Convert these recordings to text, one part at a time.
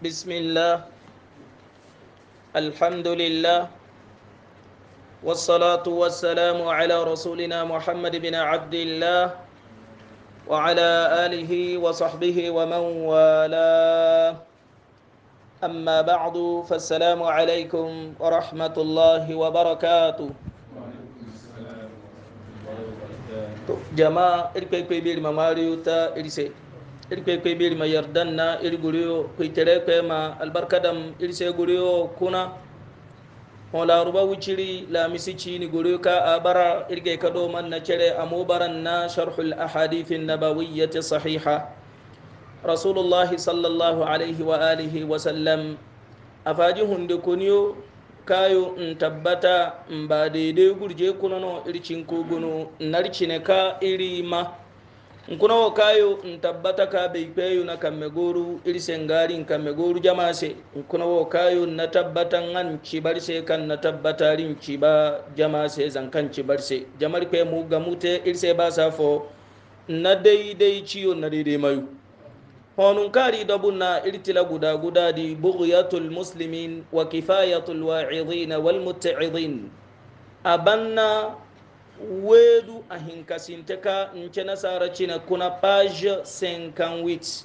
بسم الله الحمد لله والصلاة والسلام على رسولنا محمد بن عبد الله وعلى آله وصحبه ومن والاه أما بعد فالسلام عليكم ورحمة الله وبركاته جماعة إركي بير مماريوتا إرسي iri kwe kwe biri ma yardanna iri guriyo kwe kwe ma albarkadam iri se guriyo kuna ho laruba la lamisi cini guriyo ka abara iri ke kado man na cere amubaran na sharhul ahadithi nabawiyyati sahiha rasulullahi sallallahu alaihi wa alihi wa sallam afaji hunde kuniyo kayo ntabata tabbata n ba daidai gurje kuna no iri cinko gunu iri ma nkunawo kayo ntabbata ka beipeyo na kammegoru irisengari nkammegoru jamase nkunawo kayo natabbata nga nkibarise kan natabbataari nkiba jamase zanka nkibarise jamari kwe mugamute irise basa fo na daidai ciyo na daidai mayu honun kari dabuna irtila guda guda di bughyatul muslimin wa kifayatul wa'idhin wal muta'idhin abanna wedu a hinkasinteka nke nasara cina kuna page 58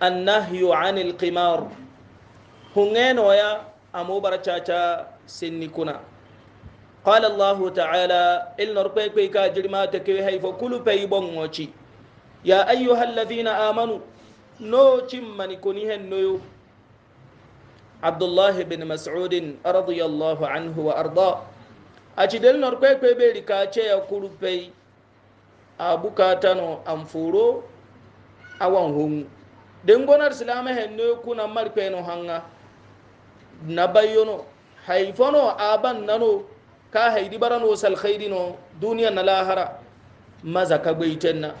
annahyu anil qimar hungeno ya baracaca sinni kuna قال الله تعالى إل نرقيك بيكا جرما تكوي فكل بيبون وشي يا أيها الذين آمنوا نو من كنيه النيو عبد الله بن مسعود رضي الله عنه وأرضاه acidel nor kwe kwe be ri ka che ya kuru pei a buka ta no amfuro a wan hun den gonar silama he no ku na mar pe no hanga na bayo no hay fono aban nano ka hay di baran wo sal khairi no duniya na lahara maza ka gbe itenna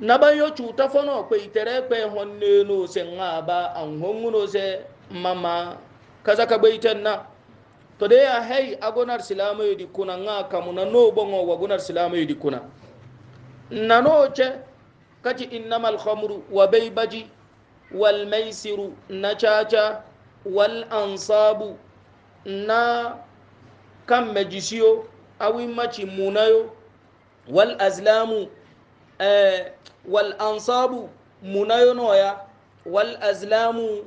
na bayo chu ta fono kwe itere kwe hon ne no se ngaba an hon no se mama kaza ka gbe itenna to de ya hay agonar ah, silama yidi kuna nga kamuna no bongo wagonar silama yidi kuna nanoche kati innamal khamru wa baybaji wal maisiru na caca wal ansabu na kan mejisiyo awi maci munayo wal azlamu eh, wal ansabu munayo noya wal azlamu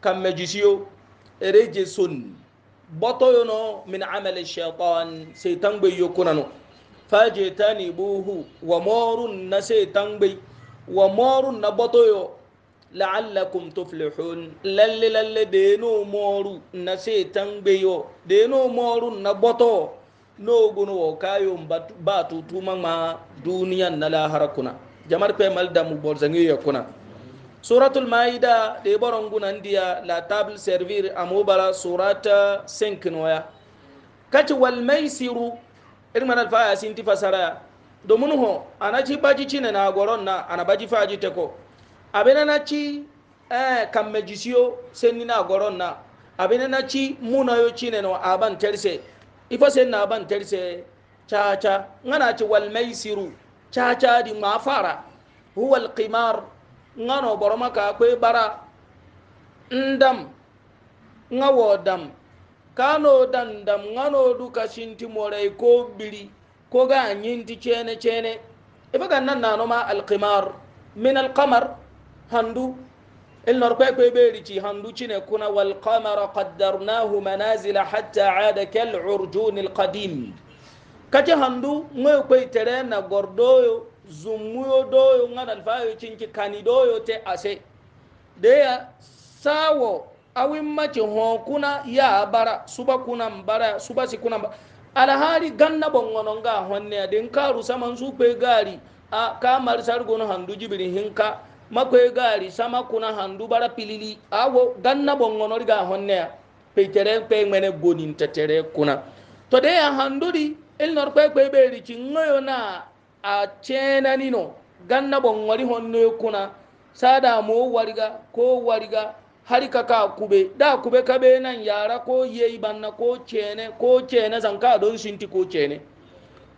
kan mejisiyo ereje sonni botoyono min amali shaitan seitan gbe yokunano fajitanibuhu wa morun na seitan gbe wa morun na botoyo la'allakum tuflihun lalle lalle deno moru na seitan gbe yo deno moru na boto nogun wo kayo ba tutuman ma duniyan na lahara kuna jamar pe mal da mu bolzangi yakuna suratul maida da ibaron gunan diya la table servir a mobara surata sinkin waya kaci wal maisiru irman alfaya sun ti fasara domin ho ana ci baji ci na goron na ana baji faji ta ko abin na ci eh kan majisiyo sen ni na goron na abin na ci muna yo ci ne no aban terse ifa sen na aban terse cha ngana ci wal maisiru cha di ma fara huwa al qimar nga no boroma ka kwe bara ndam nga wo dam ka no dan dam nga no duka shinti morai ko biri ko ga nyinti chene chene ifa kan nan nano ma alqimar min alqamar handu il nor kwe kwe beri ci handu chine kuna wal qamara qaddarnahu manazila hatta aada kal urjun alqadim kace handu ngoy kwe tere na gordoyo zummuyo doyo ŋadan fayo cinci kani doyo te ase deya sawo awimmaci honkuna ya bara suba kuna bara suba si kunan bara alhali ganna bongono nga honne adin karu saman su gari a kamar sargon handu jibirin hinka makwe gari sama kuna handu bara pilili awo ganna bongono riga honne ya peitere kwe mene gonin tetere kuna to de ya handuri il nor kwe kwe beri ci na a cenanino ganna ɓonwari honnoye kuna sada mo wariga ko wariga hari kaka kube da kube ka ɓe nan yara ko yei banna ko cene ko cene zan ka don sinti ko cene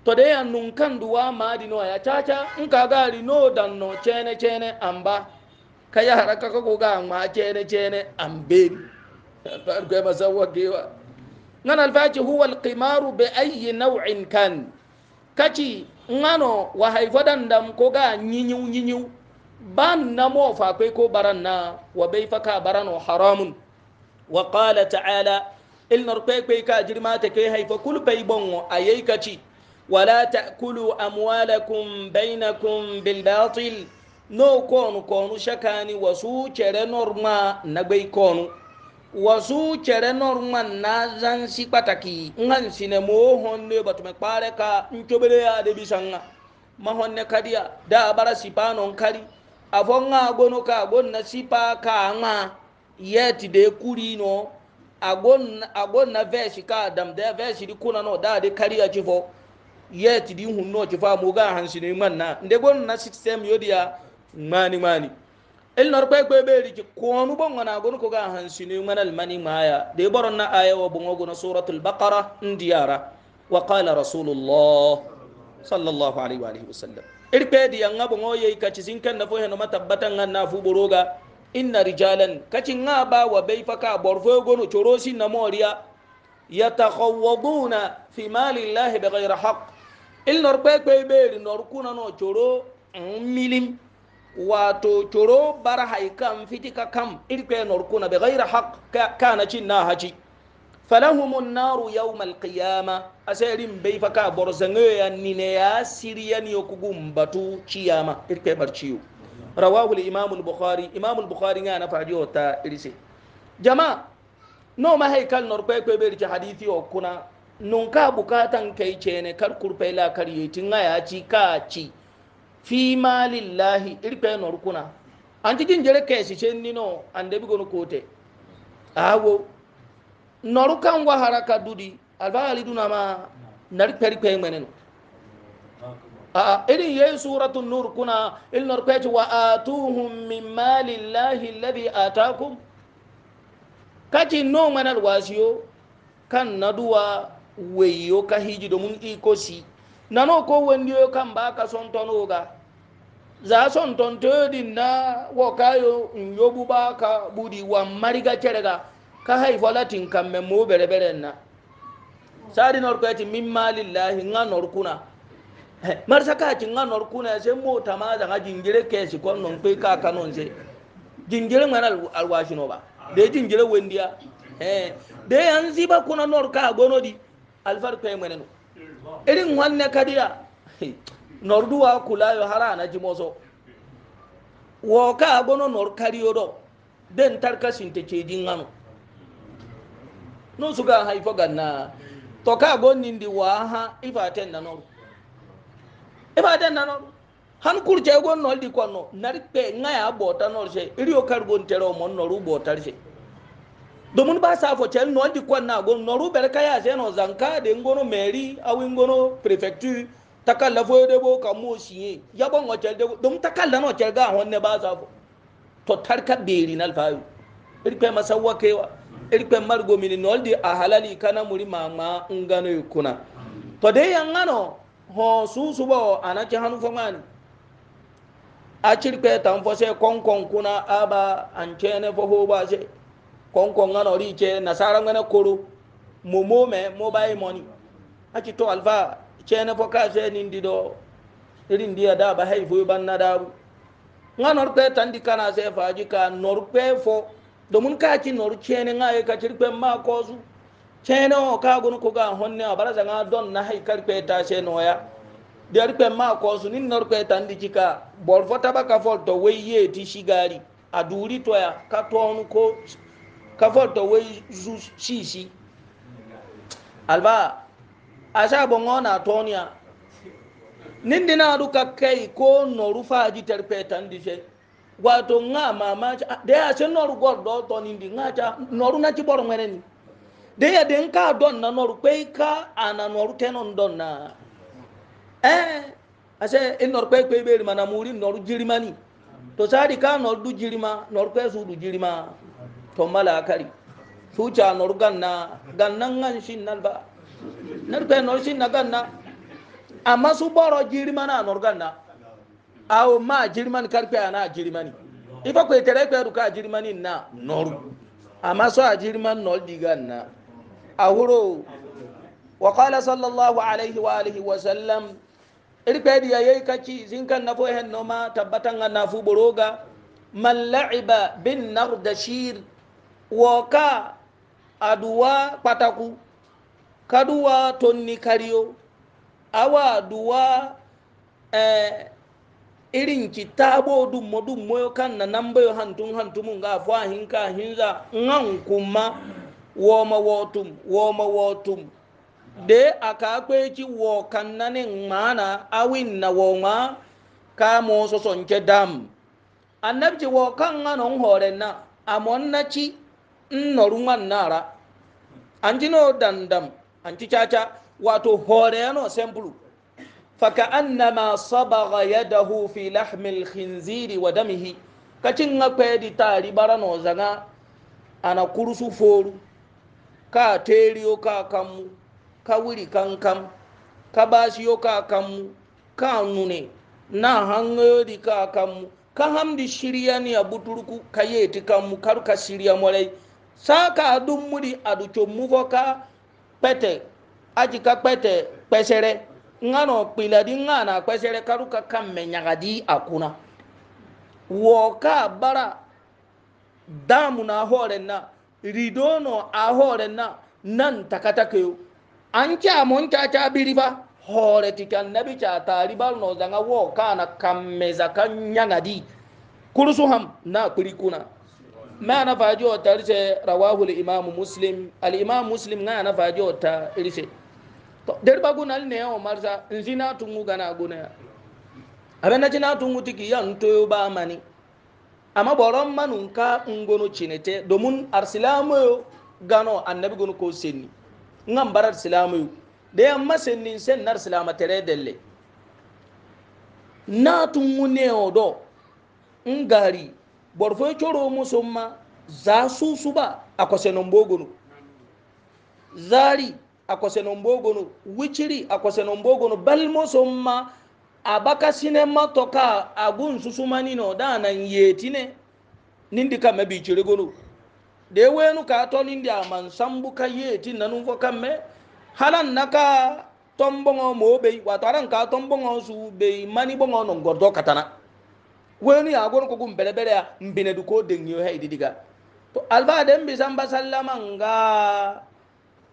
to de yan nun kan duwa madi no ya caca in ka gari no dan no cene cene amba ka ya hara kaka ko ga ma cene cene ambe ba ga ma zawa gewa nan alfaji huwa alqimaru bi ayyi naw'in kan kaci ngano wa haifadan dam ko ga nyinyu nyinyu ban na mo fa kai ko baran na wa bai faka barano haramun wa qala ta'ala ilnar kai kai ka jirma ta kai haifa kul bai bon ayai kaci wala ta'kulu amwalakum bainakum bil batil no konu konu shakani wasu cere norma na bai konu wasu chere norman na zan si pataki ngan sine mo honne batume kpare ka ncobere ya de bisanga mahonne kadiya da bara nkari kari afonga agono ka agon na sipa ka anga yeti de kuri no agon agon na verse ka dam de verse di kuna no da de kariya chifo yeti di hunno chifo amuga hansine man na ndegon na system yodiya mani mani ilnor kpekpe ɓeeri ci koonu ɓongona gonu koga hansini manal mani maya de ɓoronna ayawo ɓogogono suratul baqara ndiyara wa qala rasulullah sallllahu alayhi waalihi wa sallam iri kpeediyanga ɓogo yey kaci sinkenna fo henoma tabbatangan na fu ɓoroga inna rijalan kaci nga ba wa ɓey faka ɓorfoyogono corosinna mooriya yatahawwaduna fi mali llahi begayra haq ilnor kpekpe ɓeeri nor kunano coro milim wato coro bar haikan fitika kam irkwe norkuna bi ghairi haq kana cin na haji falahumun naru yawmal qiyama asarin bai faka borzange ya nine ya siriya ne kugun batu ciyama irkwe barciyo rawahu al-imam al-bukhari imam al-bukhari ya na fadi wata irse jama'a no ma haikal norkwe kwe bai rike hadisi o kuna bukatan kai ce kar kurfai la kar ya ci ka ci fi malillahi irpe norkuna anti jin jere kesi chen nino ande bi gono kote awo norukan wa haraka dudi albali duna ma nari peri pe meneno a irin yayin suratul nur kuna il norpeji wa atuhum min malillahi alladhi atakum kaji no manar wasiyo kan naduwa weyo ka hiji domin ikosi nano ko wendiyo kan ba ka son tono ga za son ton todi na wo kayo in yobu ba ka budi wa mariga cerega ka haifo latin kan me mo bere bere na sari nor ko yati mimma lillahi nga nor kuna mar saka ti nga nor kuna se mo tama da ga jingire ke si kon non pe ka kanon se jingire ngana alwashi no ba de jingire wendiya eh de yanzi ba kuna nor ka gono di alfar ko e menenu irin wannan kadiya norduwa kula yo hara na jimoso wo ka gono nor kariyo do den tarka sinte cedin ngano no suga haifo ganna to ka gonni ndi wa ha ifaten na nor ifaten na nor han kurje gon nol di kono nar pe ngaya bota nor se iriyo kar gon tero mon noru botar se domin ba sa fo cel no di kon na gon no ruber kaya je no zanka de ngono mairie awi ngono prefecture taka fo de bo ka mo siye ya bon o cel de dum takalla no cel ga honne ba sa fo to tarka beri nal fayu irpe masawa kewa irpe margo mini no di ahalali kana muri mama ngano yukuna to de yangano ho susu bo anachi hanu fo mani a cirpe tan fo se konkon kuna aba an ne fo ho ba se konko ngano ri che nasara ngana koru momo me mobile money aki to alfa che na foka se nindi do di dia da ba haifu ban na da ngano te tandi kana se faji ka norpe fo domin ka ci noru che ne ngai ka cirpe ma ko su che ne o ka gun ko ga honne abara zanga don na hai karpe ta se noya der pe ma ko su nin norpe tandi cika bor fota ba ka fol to weye ti shigari aduri to ya ka to ko kafoto wai shishi alba a bongo na tonia nindi na ruka kai ko noru faji tarfe tan dise wato nga mama de ya se noru gordo to nindi nga cha noru na ci boro ngene ni da ya den ka don na noru kai ka ana noru tenon don na eh ase in noru kai kai be mana muri noru jirimani to sadi ka noru du jirima noru kai su du jirima to malakari Suca nor ganna gannan ngan shinnal ba nor pe nor shinna ganna amma su boro jirmana nor ganna awo ma jirman karpe ana jirmani ifa ko tere ko ruka jirmani na nor amma so a jirman nor diganna ahuro wa qala sallallahu alaihi wa alihi wa sallam irpe diya yayi kaci zinkan nafo hen noma tabbatan na fu boroga man la'iba bin nardashir woka aduwa pataku kaduwa tonni kariyo awa duwa eh, irin kitabo dummo dummo yo kan na nan bayo hantun hantumun ga fa hinka hinza ngan kuma woma wotum woma wotum de aka kweci wo kan nanin mana awin na woma ka mo so sonke dam annabci wo kan nganon hore na amon na ci norungan nara antino dandam anti caca wato horeyano semplu faka annama sabaga yadahu fi lahmi lkhinziri wa damihi kacinga kpeedi taari barano zaga ana kurusu foru ka teriyo ka kammu ka wiri kankam ka basiyo ka kammu ka nune na hangayodi ka kammu ka hamdi shiriyani a buturku ka yeti kammu kar ka shiriya molai saka adum muri adu chomu voka pete ajika pete pesere ngano piladi ngana pesere karuka kamme nyagadi akuna woka bara damu na horen na ridono a horen na nan takatakeyo an kyamon caca biri ba hore tikan nabi cha tari bar no zanga na kana kamme zakan nyagadi kursu ham na kurikuna ma na faji wata rice rawahu imamu muslim al imamu muslim na na faji wata rice to der bagunal ne o marza nzina tungu gana guna abena jina tungu tiki yan to ba mani ama boron manun ka ngono cinete domin arsilamu gano annabi gunu ko senni ngam barar silamu da yamma senni sen nar silama tere delle na tungu ne odo ngari borfo e coro musumma za su su ba a kwasenon bogono zari a kwasenon bogono wiciri a kwasenon bogono bal musumma a baka sinema toka a gun susumani no da nan yetine nindi kame biciri gono da wenu ka to nindi a man sambu ka yeti nanu fo kame halan naka tombongo mo be wato halan ka tombongo su be mani bongo non gordo katana weni a gon kogun berebere ya mbine du ko dengiyo hay didiga to alba den bi samba sallama nga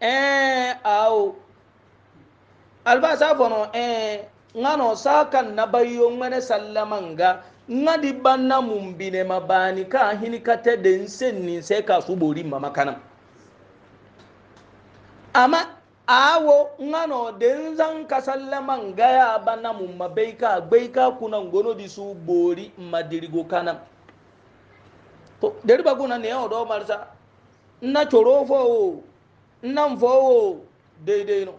eh au alba sa fono eh ngano sa kan na bayo ngane sallama nga ngadi banna mumbine mabani ka hini kate den sen ni se ka subori mama kana ama awo ngano den zan ka sallaman gaya bana mun mabai ka kuna ka kunan gono di su bori madirigo kana to dari ba guna ne odo marsa na choro fo o nan fo o daidai no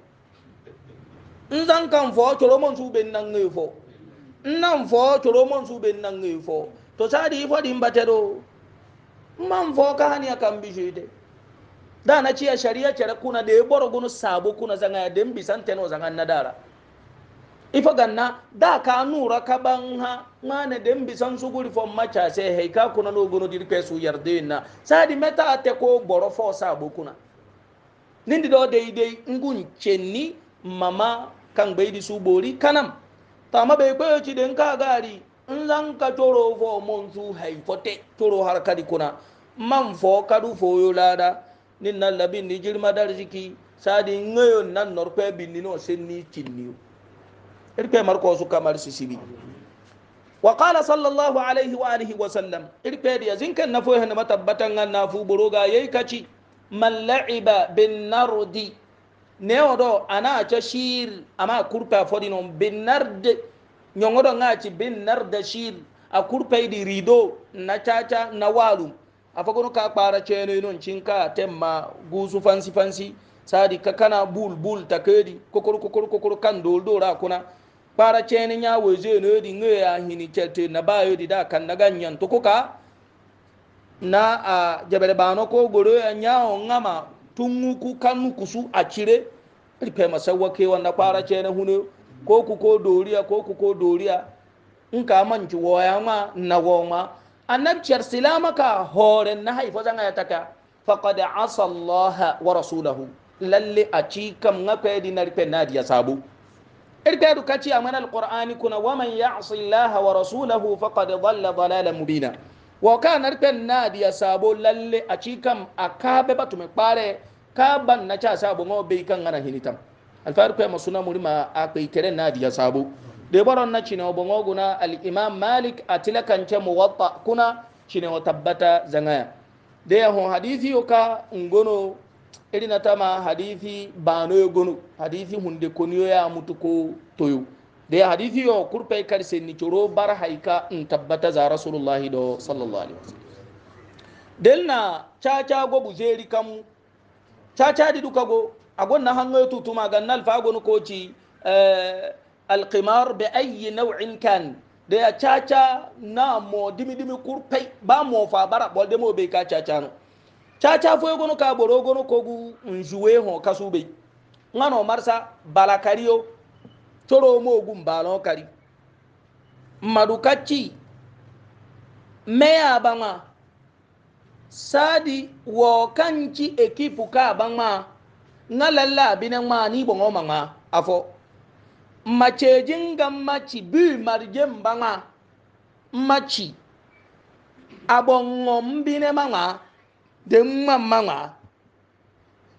nzan zan kan fo choro mon su ben nan ngai fo nan fo choro mon su ben nan ngai fo to sadi fo din batero man fo ka hani akan bi da na a shari'a kere kuna da ya boro gunu sabo kuna zanga ya dem bisan teno zanga na dara ifa ganna da ka nura ka ban ha mana dem bisan su guri fon macha sai hei ka kuna no gunu dirpe su yarde na sadi meta te ko boro fo sabo kuna nindi do dai dai ngun chenni mama kan baidi su bori kanam tama bai kwayo ci den ka gari in zan ka toro fo mon su haifote toro har kadi kuna man fo kadu foyo lada ni na labi ni jirma darziki sadi ngayo na norpe binni no sen ni tinniyo irpe marko su kamar sisibi wa qala sallallahu alaihi wa alihi wa sallam irpe dia zinkan nafo hen matabbatan ngan nafu buruga yayi kaci man la'iba bin nardi ne odo ana ta shir ama kurpa fodi non bin nard nyongodo ngaci bin nard shir a di rido na chacha na walum afagonu ka kpara ceno inon cinka temma gusu fansi fansi sadi ka kana bul bul takedi kokoro kokoro kokoro kan dol dora kuna kpara ceni nya weje no di nge ya hini chete na bayo di da kan na ganyan to koka na a jabere bano ko goro ya nya o ngama tunguku kanu kusu achire ripe masawa ke wanda kpara ceni hune ko ku ko doriya ko ku ko doriya nka manci woya ma na woma annabi cer silama ka horen na haifo zan ya taka faqad asa Allah wa rasulahu lalle a ci kam dinar pe na sabu irka du kaci amana alqur'ani kuna wa man ya'si Allah wa rasulahu faqad dhalla dhalalan mubina wa kana pe na dia sabu lalle a ci kam akabe batume pare ka ban na cha sabu ngo be kan ngana hinitam alfaru kai masuna murima a kai kere na dia sabu de baron na cine obon oguna malik atila kanche muwatta kuna cine o tabbata zangaya de ya hon hadithi yoka ngono irina tama hadithi bano gono hadithi hunde koniyo ya mutuko toyo de hadithi yo kurpe kar sen ni choro bar haika in tabbata za rasulullahi do sallallahu alaihi wasallam delna chacha go buzeri kamu chacha di dukago agon na hango tutuma gannal fa gon koci eh alqimar bi ayi naw'in kan da ya caca na mo dimi dimi kurpai ba mo fa bara bol de mo be ka caca no caca fo gono ka boro gono kogu njuwe ho kasube ngano marsa balakariyo toro mo gum balon kari madukaci meya bama sadi wo kanci ekipu ka bama nga lalla bine ma ni bongo ma afo macejin ga maci bi marje mbanga maci abongo mbine manga de mma manga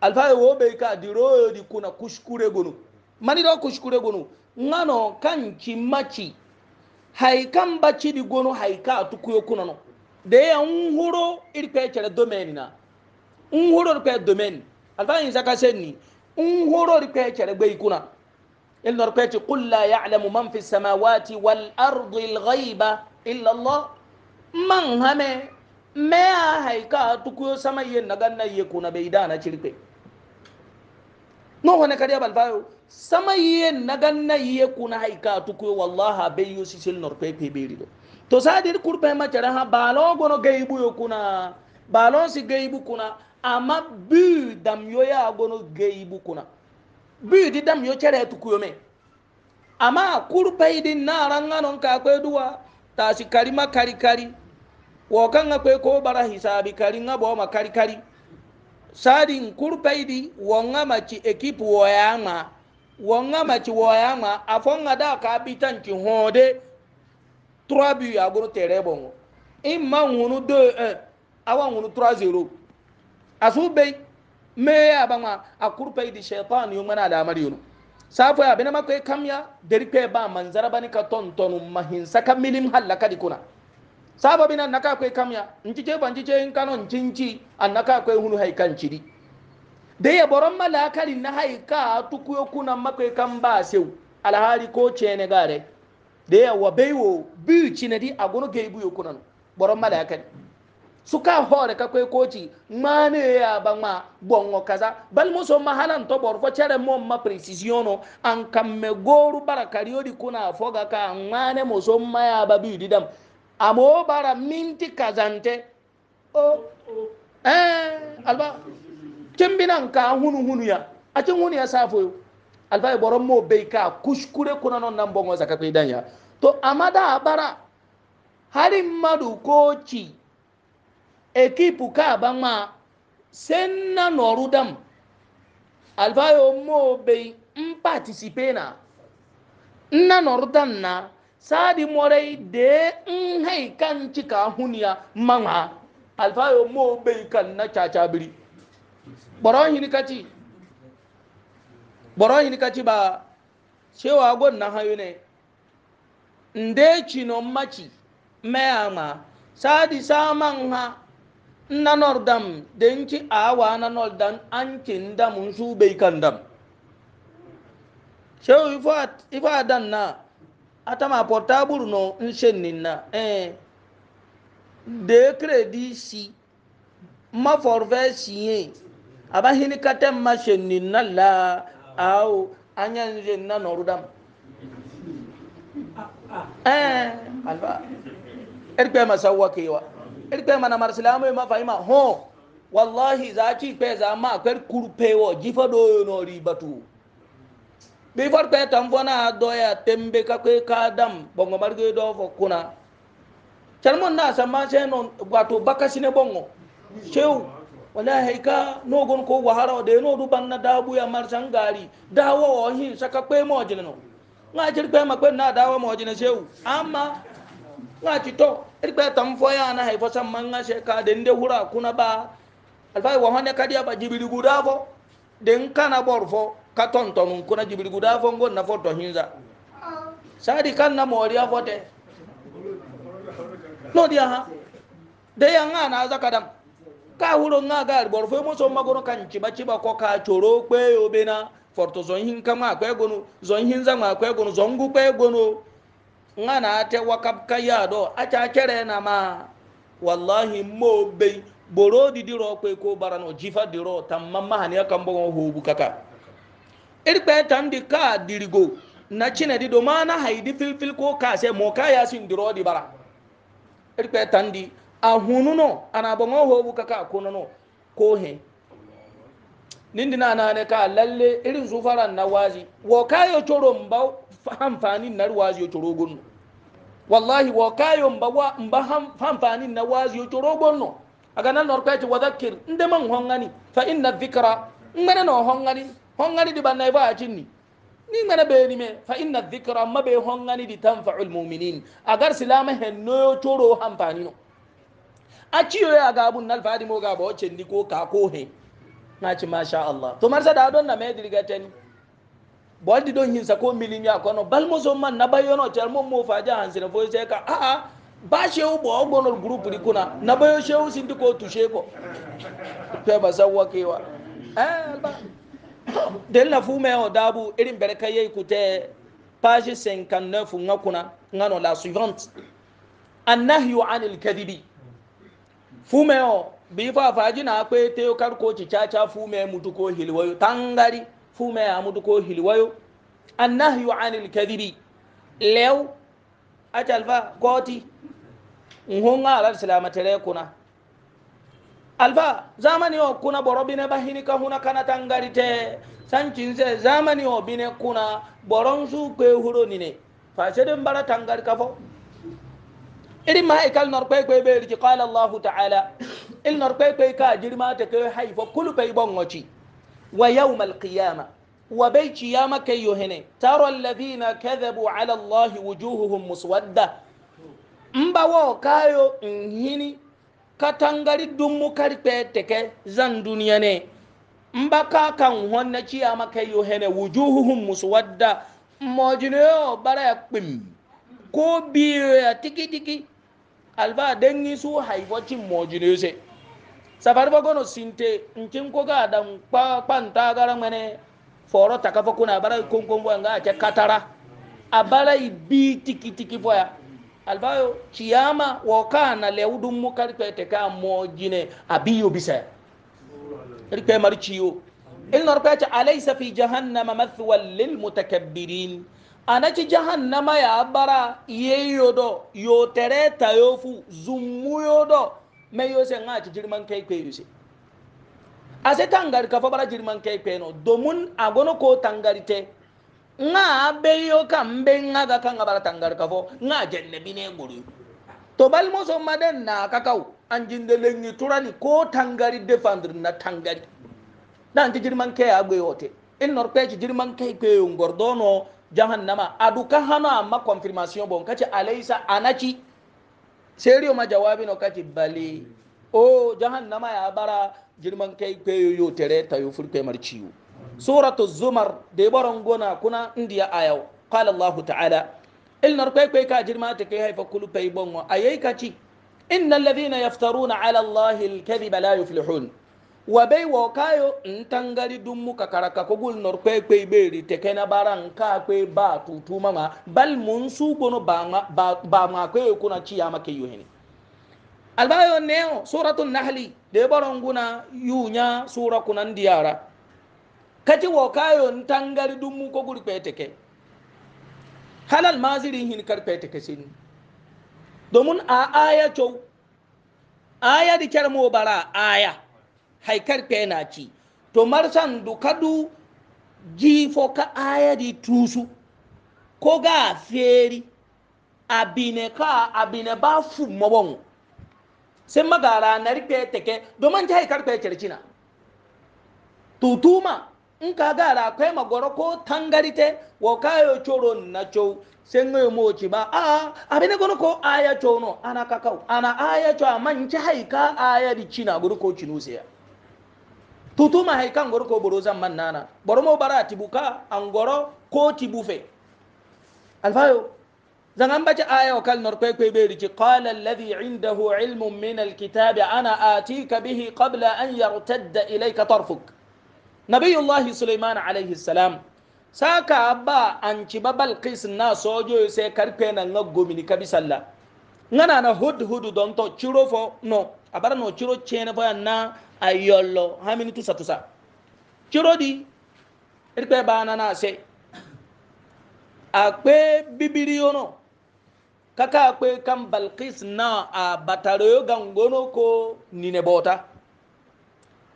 alfaye wo be ka diroyo di kuna kushkure gonu mani do kushkure gonu ngano kanci maci hay baci di gonu hay ka tukuyo kuna no de ya nhuro irpe chere domain na nhuro irpe domain alfaye zaka senni nhuro irpe chere gbe ikuna إلنا ركيتي قل لا يعلم من في السماوات والأرض الغيب إلا الله من هم ما هيكا تكو سما ينغنا يكون بيدانا تشريكي نو هنا كده بالفايو سما ينغنا يكون هيكا تكو والله بيو سيسل نوربي بيبيريدو to sadir kurpe ma cara ha balon gono gaibu yo kuna balon si gaibu kuna amma bi dam yo ya gono gaibu kuna biyu di dam yo cere tu kuyome ama kurpai din na ranganon ka kwe duwa ta si karima kari kari wo kan ga kwe ko bara hisabi kari nga bo ma kari kari sadin kurpai di wonga ma ci ekipu wo ya ma wonga ma ci wo ya ma afonga da ka bitan ci hode trois buts à gros terrain imma hunu 2 1 awa hunu 3 0 asu bay me ya banwa a kurfai di shaitan yun mana alamar yun safo ya bina makai kamya dirpe ba manzara bani ka tontonu mahinsa kan milim halaka di kuna safo bina naka kai kamya inji je ban je in kano jinji annaka kai hunu haikan ciri da ya boron malakari na haika tukuyo kuna makai kan ba sew alhari ko ce ne gare da ya wa baiwo biyu ci a gono gaibu yo kuna boron malakari suka hore ka kwe koci mane ya ba ma bongo kaza bal muso ma halan to bor fo mo ma precisiono an kamme goru bara kariodi kuna foga ka mane muso ma ya ba bi didam amo bara minti kazante o eh alba kembinan ka hunu hunu ya a cin hunu ya safo alba e boron mo be ka kuskure kuna non nan bongo zakakwe danya to amada bara harin madu koci ekipu kaaba ŋmaa sen na nɔɔru dam alifayo moo bei n patisipe na n na nɔɔru dam na saadi mɔrɛyi dee n hei kan ci kaa huniya ma ŋmaa alifayo moo bei kan na caacabiri bɔrɔ hini kati bɔrɔ hini kati baa cewa gon na hayo ne n dee cino maci mɛ a ŋmaa saadi saaman ha nanor dam denki awa nanor dan ankin damun su bai kan dam shehu ifa dan na atama portable no nshen nin na eh de credit si ma forve siye aba hini katem ma shen na la au anyan je nanor dam eh alba erbe masawa kewa irpe mana marsilamu ma fahima ho wallahi za ci pe za ma kwer kurpewo jifa doyo no ribatu bi for pe tamfona doya tembe ka kwe kadam bongo marge do fo kuna charmon na sama se no wato bakasine bongo shew wallahi ka nogon ko wahara de no du banna dabu ya marsan dawo o hin saka kwe mo jino nga jirpe ma kwe na dawo mo jino shew amma nga ci to irbe tam foya na haifo san manga she ka den de hura kuna ba alfai wa hone kadiya ba jibiri guda fo den kana borfo ka tontonun kuna jibiri guda fo ngon na foto hinza sadi kan na moriya fote no dia ha de yanga na zakadam ka huro nga ga borfo e mo so magono kan ci ba ci ba ko ka choro pe obena forto zon hin kama kwe gonu zon hin zama akwe gonu zongu pe gonu nga na ate wakab kaya do acha kere na ma wallahi mo be boro di diro kwe ko barano jifa diro tamma ma hani aka mbo ho bu kaka irpe tan di ka dirigo na chine di do mana haidi filfil ko ka se mo kaya sin diro di bara irpe tan di ahunu no ana bo ho bu kaka ko no ko he nindi na na ne ka lalle irin zufaran nawazi wo kayo choro mbao hamfani nar wazi yo corogon no wallahi wo kayo mba wa mba hamfani na wazi yo corogon no aga nan nor kayti wadhakkir nde man hongani fa inna dhikra ngana no hongani hongani di banna ba atinni ni ngana be ni me fa inna dhikra ma be hongani di tanfa'ul mu'minin agar silama hen no coro hamfani no aciyo ya ga abun nal fadi mo ga ba wacce ndi ko ka ko he na ci masha Allah to marsa da don na me dirga tani bɔdi do hinsa ko milimi a kɔnɔ balimuso ma naba yɔnɔ cɛ mo mo fa ja hansina fo se ka aa ah, ah, ba sewu bɔ o gbɔnɔ gurupu di kunna naba yɔ sewu si ti k'o tu se kɔ fɛn basa wɔke wa ɛɛ eh, ba deli na fu mɛ o daabu eri bɛrɛ ka ye kutɛ page cinquante neuf ŋa kunna ŋa nɔ la suivante annahyu anil kadibi fu mɛ o bi fa faji na kpe te kari ko ci caca fu mɛ mutu ko hiliwayo tangari kuma ya mutu ko hilwayo annahyu anil kadhibi lew atalfa goti nhonga ala salama tere kuna alfa zamani o kuna boro bine bahini ka huna kana tangarite sancinse zamani o bine kuna boron su kwe huro nine fa sedin bara tangar kafo iri ma ikal nor kwe kwe be ta'ala il nor ka jirma ta kwe haifo kulu kwe bongoci ويوم القيامة وبي قيامة كي يهني ترى الذين كذبوا على الله وجوههم مسودة مبوا كايو انهني katangari dummu kari teke zan duniya ne in ba ka kan wannan ciya maka yi hene wujuhuhum muswadda mojino bara kpim ko biyo ya tiki tiki alba dangi su haifocin mojino sai safari bogono sinte nkin ko ga dan nta gara mane foro takafo kuna bara konkon bo nga ke katara abala ibi tiki tiki boya albayo kiyama wo kana lewdum mu karpe te ka mo jine abiyo bisa rikpe mari ciyo il nor pe alaysa fi jahannama mathwan lil mutakabbirin anaci jahannama ya bara yeyo do yo tereta yofu zumu yo do mai yose nga ci jirman kai kai yose a sai tangari ka fabara jirman kai kai no domin a gono ko tangari te nga be yo ka mbe nga ga kan bara tangari ka fo nga jannabi ne guri to bal mo so madan na kakau an jinde lengi turani ko tangari defendre na tangari dan ci jirman kai agwe yote in nor kai ci jirman kai kai yo gordono jahannama aduka hana amma confirmation bon kace alaysa anaci seriyo ma jawabi no kati bali o jahannama ya bara girman kai peyoyo tere tayo furke mar ciwo suratu zumar da baron gona kuna indiya ayau qala allah ta'ala ilnar kai kai ka girma ta kai haifa kulu pay bongo ayai kaci innal ladhina yaftaruna ala allahi la yuflihun wabai wa kayo in tangari dun muka karaka ko gul nor kwe kwe beri te kena baran ka kwe ba tutu mama bal mun su gono ba ma ba ma kwe kuna ciya make yuhini albayo neo suratul nahli de baron guna yunya sura kuna diyara kaci wa kayo in tangari dun mu ko gul kwe te ke halal mazirin hin kar kwe te ke sin domin a aya chow aya di kyar bara aya haikar pena ci to marsan du kadu jifo ka ayadi tusu ko ga feri abine ka abine ba fu mobon sai magara na rike teke domin ta haikar pe kirkina tutuma in ka gara akwai magoro ko tangarite wa kayo coro na cow sai ngai moci ba a abine gono ko aya chono ana kakau ana aya cow man ci haika aya di cina guru ko cinusiya tutuma hay kan goro ko boro zam man nana boro mo bara tibuka an goro ko tibufe alfayo zangan bace aya wa kalnar kwaikwai bai rike qala alladhi indahu ilmun min alkitabi ana atika bihi qabla an yartadda ilayka tarfuk nabiyullahi sulaiman alayhi salam saka ba an ci babal qis na sojo sai karfe nan na gomini kabi sallah ngana na hud hud don to ciro no abara no ciro chene fo na ayollo hamini tusa tusa cirodi irikpe banana se akpe bibiriyono kaka akpe kan balkis na a batareyo gangono ko nine bota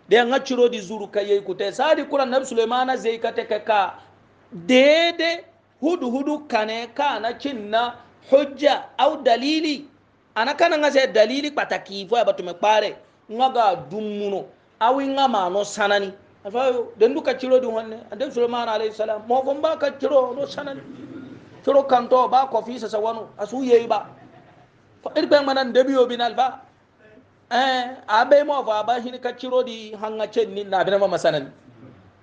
de nga di zuru kaye kute sadi kura nabi sulemana zai kate kaka dede hudu hudu kane kana cinna hujja au dalili ana kana nga se dalili pataki fo ya batume kpare nga ga dummuno awi nga mano sanani afayo den du kaciro di wonne ande sulaiman alayhi salam mo gon ba kaciro no sanani ciro kanto ba ko fi sa wanu asu yeyi ba fa irbe manan debiyo bin alba eh abe mo fa ba hin kaciro di hanga chenni na bin ma sanani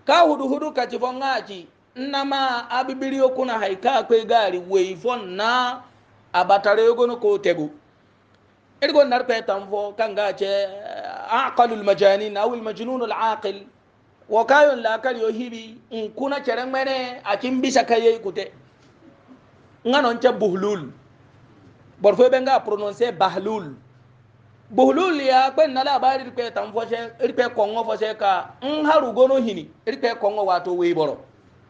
ka hudu hudu kaci fo ngaci nnama abibiriyo kuna haika kwe gari weyi fo na abatare yogono ko tegu irgo narpe tanfo kanga ce aqalu almajanin aw almajnun alaqil wo kayon lakal yo hibi in kuna cere mene akin bisa kaye kute ngano nce buhlul borfo be nga prononcer bahlul buhlul ya pe na labari pe tan fo se irpe kongo fo se ka in haru gono hini irpe kongo wato we boro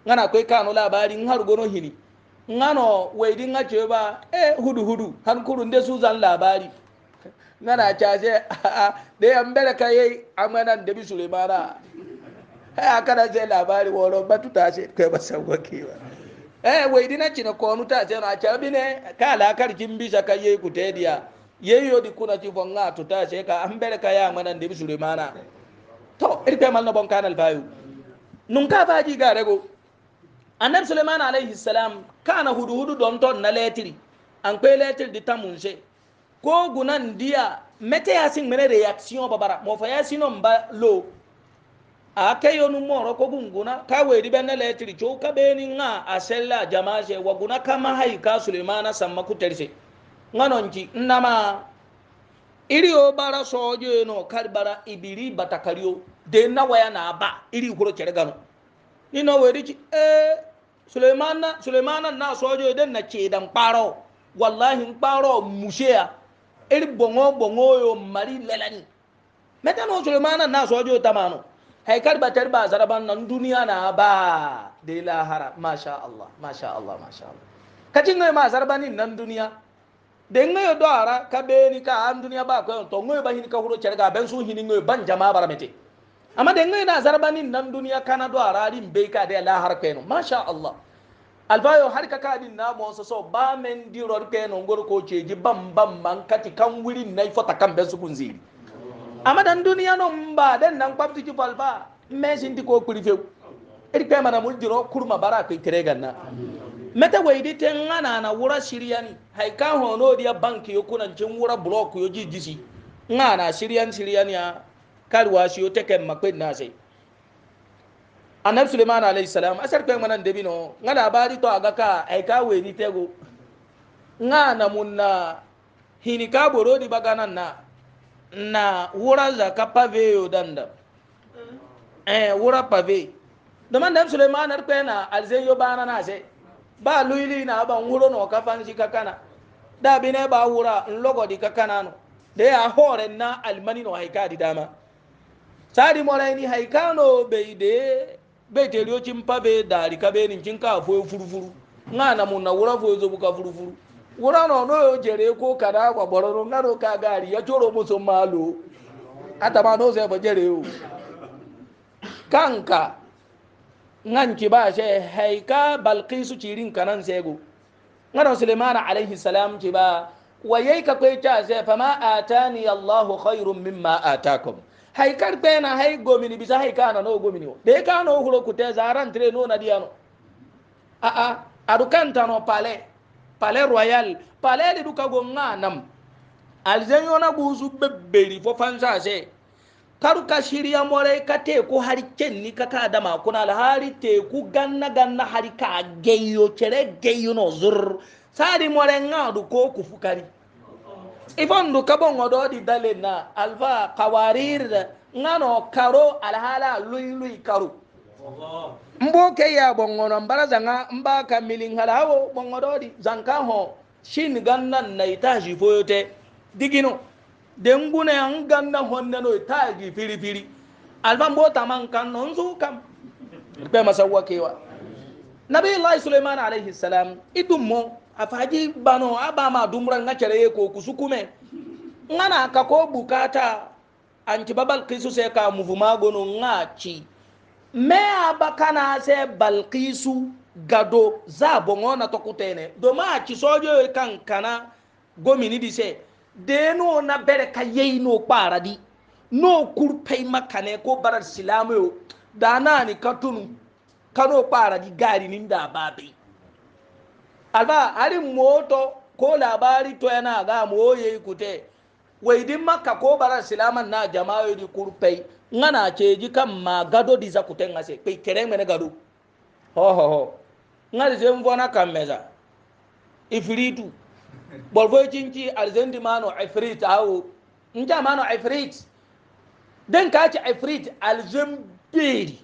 ngana kwe kanu labari in haru gono hini ngano weidi nga ba e eh, hudu hudu han kurun de suzan labari ngana chase ah, ah, de ambele ka yei amana debi sulemana he akana je labari woro batu tase kai basabwa kiwa eh wai dina cina konu tase na chabi ne kala kar kimbisa ka yei kutediya yei yodi kuna ti bonga to tase ka ambele ka ya amana debi sulemana to irpe mal no bonkana albayu nun ka faji garego annabi suleiman alayhi salam kana hudu hudu don ton na letiri an kwe letiri di tamunse ko gunan mete ya sin mene reaction babara mo fa ya sino mba lo a ke yo nu moro ko gunguna ka we di benne le tiri cho ka be ni nga asella jamaa she wa guna kama hay ka sulaimana samma ku terse ngano nji nnama iri o bara soje no karbara ibiri batakariyo de na waya na ba iri huro kere gano ni no we di eh sulaimana sulaimana na soje den na ce dan paro wallahi paro musheya iri bongo bongo yo mari lelani meta no sulu mana na sojo tamano hay kar ba tar ba zaraban nan duniya na ba de lahara masha Allah masha Allah masha Allah kacin ngai ma zarabani nan duniya de ngai do ara ka be ni ka an duniya ba ko to ngai ba hin ka huro cerga ben su hin ngai ban jama'a baramete amma de ngai na zarabani nan duniya kana do ara rin be ka de lahara ko no masha Allah alfayo har ka kadin na mo so ba men di ror pe no ngor ko ceji bam bam man kati kan wuri nai fota kan be su kun amadan duniya no mba den nan kwapti ci falfa me sin di ko kuri fe iri e pe mana mul diro kurma bara ko tere ganna meta weidi te ngana na wura shiriyani hay ka hono dia banki yo kunan cin wura block yo jijisi ngana shiriyan shiriyani ya karwa shi yo teken makwe na sai annabi suleiman alayhi salam asar kwen manan debi no nga labari to aga ka ay ka we ni tego nga na munna hini ka boro di bagana na na wura za ka pave yo danda mm. eh wura pave da man dan suleiman ar kwen na alze yo bana na se ba luili na ba wuro no ka fanji ka kana da bi ne ba wura nlogo di ka kana no de ya hore na almani no haika di dama sadi morai ni no be ide bai teriyo cin pabe dari kabe nin cin ka fo furufuru nga na mun na wura fo zo buka furufuru wura no no yo jere ko kada kwa bororo nga ka gari ya choro muso malo ata ma no se fo yo kanka ngan ba she haika balqisu cirin kanan sego nga no alaihi salam ki ba wayai ka kai se fa atani allah khairun mimma atakum hay kar na hai gomini bisa hai kana no gomini wo de kana huro kute zaran tre no na diano a a adu kanta no pale pale royal pale de duka go nganam alzen yona buzu bebberi fo fansa se karu ka shirya more ka teku hari kenni ka ka dama kuna alhari teku ganna ganna hari ka geyo cere geyo no zur sari more ngadu ko kufukari ifon du kabon odo di dalin na alfa kawarir ngano karo alhala lui lui karo mbo ke ya bongono mbaraza nga mba ka milin halawo bongodo di zanka ho shin gannan na itaji foyote digino dengune an ganna honne no itaji firi firi alfa mbo taman kan non su kam be masawa nabi allah sulaiman alayhi salam idum mo afaji bano aba ma dumran ga cere ko kusukume ngana ka ko bukata anti babal kisu se ka muvuma gono ngachi me abakana se balkisu gado za bongona to kutene do ma ci sojo kan kana gomini di se de no na bere ka yei no para di no kurpei makane ko barar silamu da nani katun kano para di gari ninda babai alba ari moto ko labari to yana ga moye kute waidin makka ko bara silaman na jama'a di kurpai ngana ceji kan ma gado di zakute ngase pe kere mene gado ho ho ho ngari se mvona kameza ifritu bolvo cinci alzendi mano ifrit au nja mano ifrit den ka ci ifrit alzemberi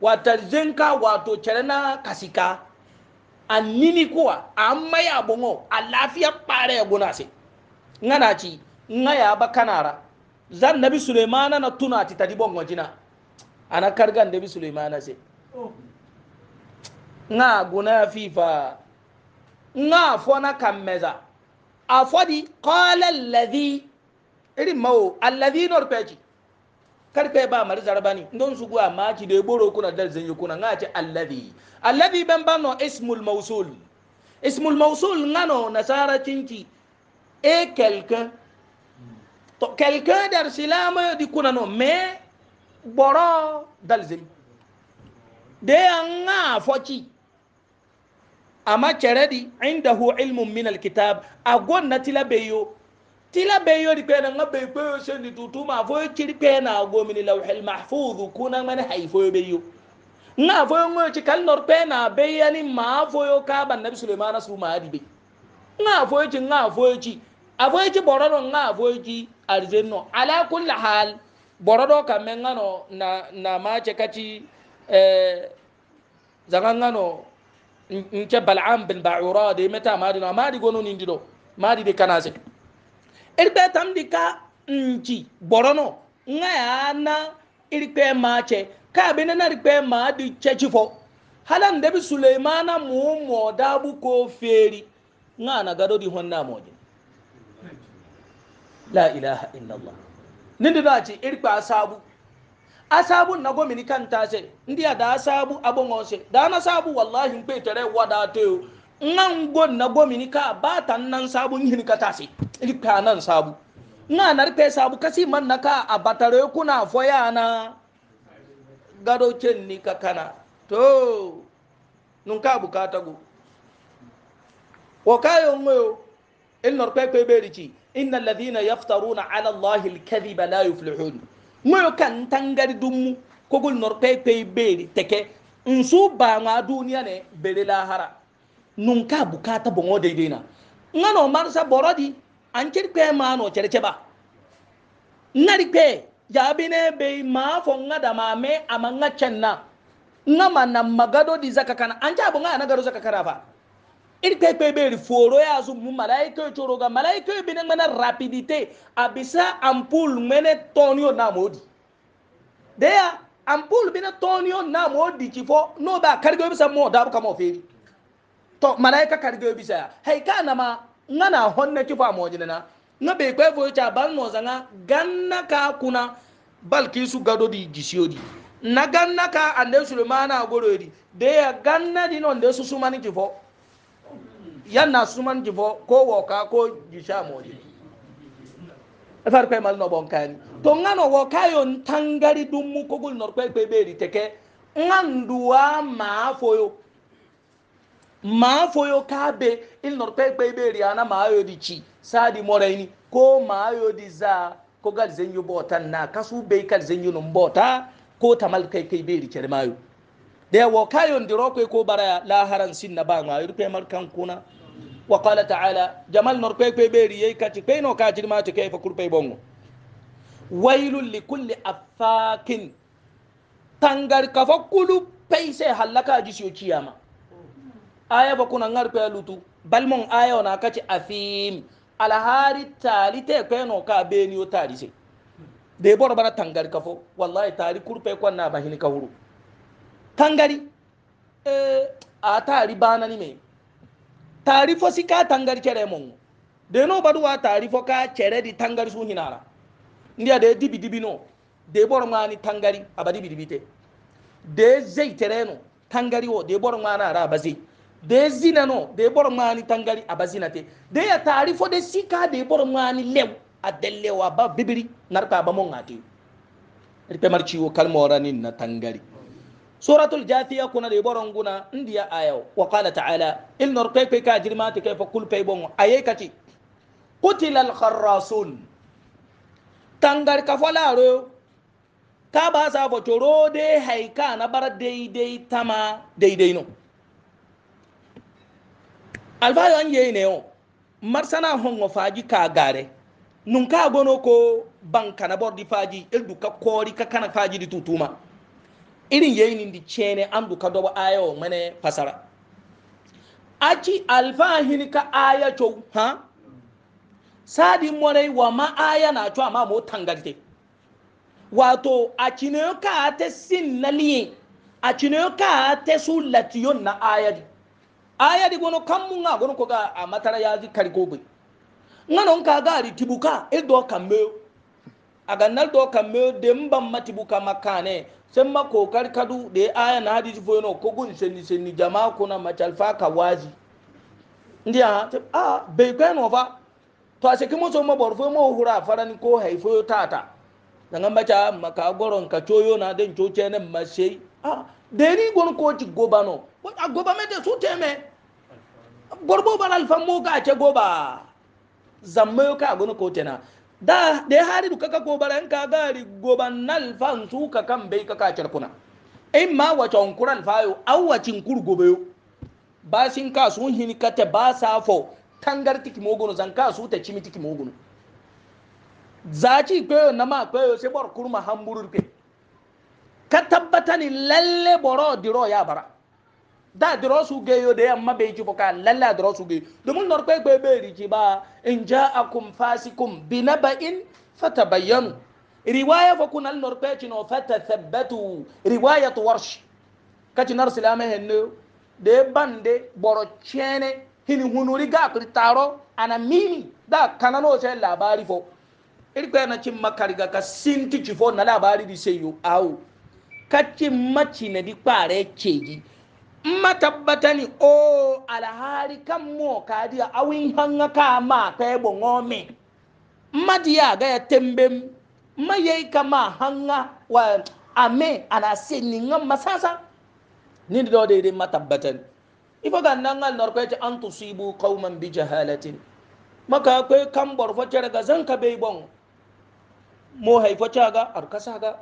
wata zenka wato cerena kasika Anini nini kuwa a maya bongo a lafiya kpare gona se ngana ci nga ya ba kanara zan nabi suleimana na tuna ti tadi bongo jina ana kargan nabi suleimana se nga guna fifa nga fona kammeza a fodi qala alladhi iri mawo alladhi nor peci karfe ba mari zarabani don su guwa maki da ya boro kuna dal zan yi kuna nga ce allazi allazi ban bano ismul mausul ismul mausul ngano nasara cinki e quelqu'un to quelqu'un dar silama di kuna no me boro dal zan de nga foci amma ceredi indahu ilmun min alkitab agonna tilabeyo tila be yori pe na ngabe pe yo se ni tutuma fo chiri pe na go mini lawhil mahfuz kuna ngane hay fo be yo nga fo yo ngoy ci kal nor pe na be yani ma fo yo ka ban nabi sulaiman su ma adi be nga fo yo ci nga fo yo ci a fo yo ci borodo nga fo yo ci arzenno ala kulli hal borodo kam men ngano na na ma ce kati eh zanga ngano nke bal'am bin ba'ura de meta ma di no ma di gono ni ndido ma di de kanase irpe tamdika nji nga ya na irpe mache ka bene na irpe ma di chechifo halan debi suleimana mu mo dabu ko feri ngana gado di honna moje la ilaha illallah nindi daji irpe asabu asabu na gomini kanta se ndi ada asabu abongo se da na sabu wallahi mpe tere wada teo ngango na gomini ka bata nan sabu nyini kata se ilka nan sabu na narpe sabu kasi man naka a batare kuna foya na gado cin ni ka kana to nun ka bukata go wa kayo ngoyo in narpe pe berici innal ladhina yaftaruna ala allahi alkadhiba la yuflihun ngoyo kan tangari dummu kogol norpe pe beri teke nsu ba ma duniya ne bere lahara nun ka bukata bon o daidai ngano marsa borodi an kirkwe ma no cerce ba ngarikwe jabi ne bai ma fo ngada ma me ama ngacen ngama na magado di zaka kana an jabo ngana nagaro zaka kana fa irkwe kwe beri foro ya su mu malaika choro ga malaika bi ne mana abisa ampul mene tonio na modi deya ampul bi tonio na modi kifo no ba kargo bisa mo da ka mo feri to malaika kargo bisa hay kana ma nga na honne kifa mojine na nga be kwe vo cha bal no zanga ganna ka kuna balki su gado di jisiodi na ganna ka ande sulemana goro di de ya ganna di no ande su sumani kifo yanna sumani kifo ko woka ko jisha mojine efar kwe mal no bonkani to nga no woka yo ntangari dummu kogul nor kwe kwe beri teke nga nduwa ma foyo ma foyo kabe il norpekpe iberi ana ma ayo di ci sadi moraini ko ma ayo di za ko gal zenyo bota na kasu be kal zenyo non bota ko tamal kai kai beri cere mayo da yawo kayon diro kwe ko bara laharan sin na ba ma yurpe markan kuna wa qala ta'ala jamal norpekpe beri yai kati pe no kati ma ta kai fa kurpe bongo wailul likulli afakin tangar halaka ji aya ba kuna ngar pe lutu balmon aya ona kace afim alhari talite pe no ka be ni o tarise de bor bara tangari kafo wallahi tari kurpe kwa na ba hini kawuru tangari eh a tari bana ni me tari fo sika tangari chere mon de no badu wa tari fo ka chere di tangari su hinara ndia de dibi dibi no de bor ngani tangari abadi dibi te de zei tangari wo de bor ngana ara bazi de zina no de bor mani tangari abazina te de ya tarifo de sika de bor mani lew adellewa ba bibiri narka ba mon ate ripe marciwo kalmorani na tangari suratul jathiya kuna de boron guna ndiya ayaw wa qala ta'ala il nor pe pe ka jirmati kay fa kul pe bon aye kati qutila al kharasun tangar ka falaro ka ba sa bo toro de haika na bar daidai tama daidai no alfayo an yeyi neyo marsana hongo faji ka gare nun ko banka na bordi faji il duka kori ka kana faji di tutuma irin yeyi nin di chene an duka dobo ayo mane fasara aci alfahin ka aya chow ha sadi morai wa ma aya na chow amma mo tangalite. wato a cinayo ka ta sin na liye ka ta su latiyon na ayadi aya di gono kammu nga gono ko ga a matara ya ji kari gobe ngano nka ga ri tibuka e do kamme aga nal do kamme de mbam matibuka makane sem ma ko kar kadu de aya na hadisi fo no ko gun senni senni jama'a ko na machalfa ka wazi ndi a a be ga no fa to ase kimo so mo bor fo mo hura farani ko hay fo tata daga macha maka goron ka choyo na den choche ne mashe a de ni gon ko ci gobano a goba mete su teme borbo bara alfan mo ka ce goba zamma ka gona ko tena da da hari du kaka gobaran ka gari goban nalfan su ka kan bai kaka cirkuna in ma wace onkuran fayo an wacin kurgobe ba sin ka sun hini kate ba sa fo tangar tiki mogono zan ka su ta cimi tiki mogono zaci kwayo na ma kwayo sai bar kurma hamburur ke ka tabbata ni lalle boro diro ya bara da drosu ge yo de amma be ji boka lalla drosu ge domin nor kwe kwe be ri ji ba in ja'akum fasikum binaba'in fatabayyanu riwaya fa kunal nor kwe ci no fatathabbatu riwayatu warsh kati nar silama henne de bande boro chene hini hunuri ga kuri taro ana mimi da kanano sai labari fo irkwe na cin makariga ka sinti ci fo na labari di seyo awo kacin maci na di kpare ceji ma tabbata ni o oh, alhari kan mo ka dia awin hanga ka ma kai bo ngome ma dia ga ya tembem ma yei kama hanga wa ame ana se ni ngam masasa ni do de de ma tabbata ni ifo ga nan ngal nor ko ce qauman bi jahalatin maka kai kan bor fo ga zan ka be bon mo haifo ga arkasa ga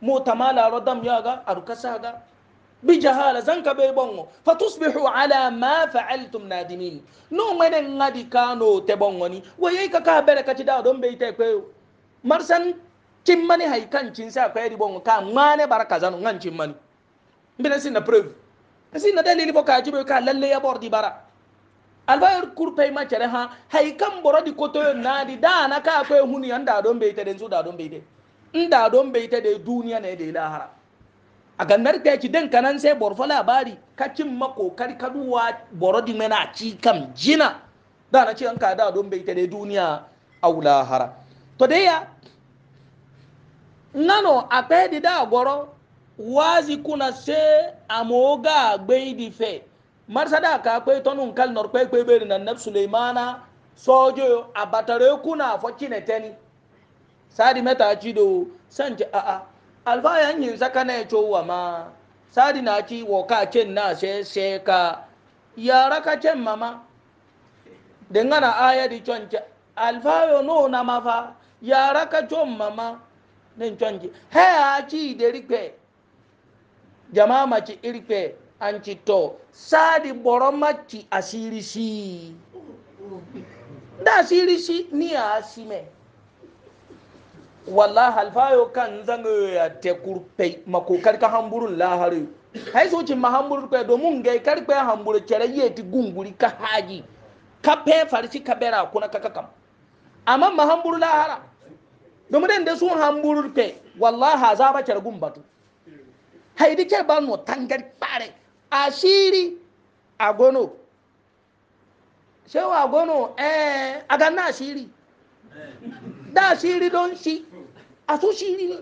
mo tamala rodam ya ga bijahala zanka be bongo fatusbihu ala ma fa'altum nadimin no mene ngadi kano te bongo ni waye ka ka bere ka tida don be ite kwe marsan cimmani hay kan cin sa kwe di bongo ka mane baraka zanu ngan cimmani mbina sin na preuve sin na dalili boka jibe ka lalle ya bordi bara albayar kurpe ma cere ha hay kan borodi koto nadi dana ka kwe huni anda don be ite den su da don be ite nda don be ite de duniya ne de lahara aga narta ki den kanan sai borfo labari kacin makokari kaduwa borodi mena ci kam jina da na ce an ka da don bai ta dai duniya aula hara to dai ya nano a pedi da goro wazi kuna se amoga gbeidi fe marsa da ka kwe tonun kal nor kwe kwe beri na nab suleimana sojo abatare kuna fo chineteni sadi meta chido sanje a a alfa yan yin saka na ya cowa ma sadi na ci wo ka cin na sai ka yara ka cin mama dengana aya di chonche alfa yo no na mafa yara ka chom mama nin chonche he a ci de rikpe jama'a ma ci irikpe an ci to sadi boro ma ci si mm. da asiri si ni a asime wallahi alfayo kan zanga ya eh, te kurpe mako karka hamburun lahari hay so cin mahamburu ko do mun gai karpe hamburu kere yeti gunguri ka haji ka pe farci ka bera kuna kaka kam amma mahamburu lahara domin den da sun hamburu pe wallahi azaba kere gumbatu hay di kere ban no tangar pare asiri agono shewa agono eh aga na asiri da asiri don shi a to shiri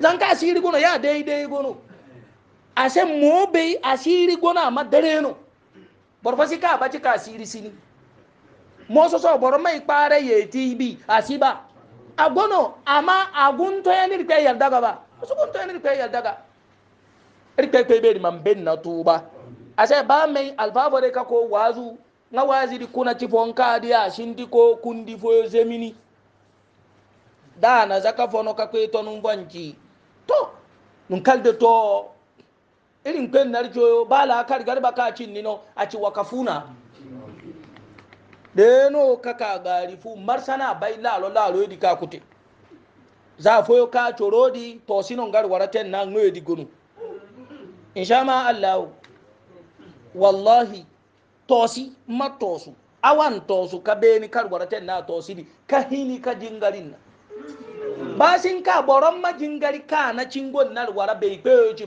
zanka asiri gono ya daidai gono a se mobe asiri gono amma dare no borfo si ka baci ka asiri sini mo so so boro mai pare ye ti bi asiba agono ama agunto ya ni rikpe yalda gaba so gunto ya ni rikpe yalda ga ni pe be man ben na tuba a se ba mai alfabore ka ko wazu na wazi di kuna ci fonka di a kundi fo zemini da na zaka fono ka kwe to nun gwanji to nun kalde to irin kwen narjo bala kar garba ka cin nino a ci wakafuna deno kaka garifu marsana bai lalo lalo yadi ka kute za foyo ka corodi to sinon garwaraten na ngoyo di gonu insha ma Allah wallahi tosi matosu awan tosu ka beni karwaraten na tosi di ka hini ka jingarin na basin ka boron majingari ka na cingon nar wara bai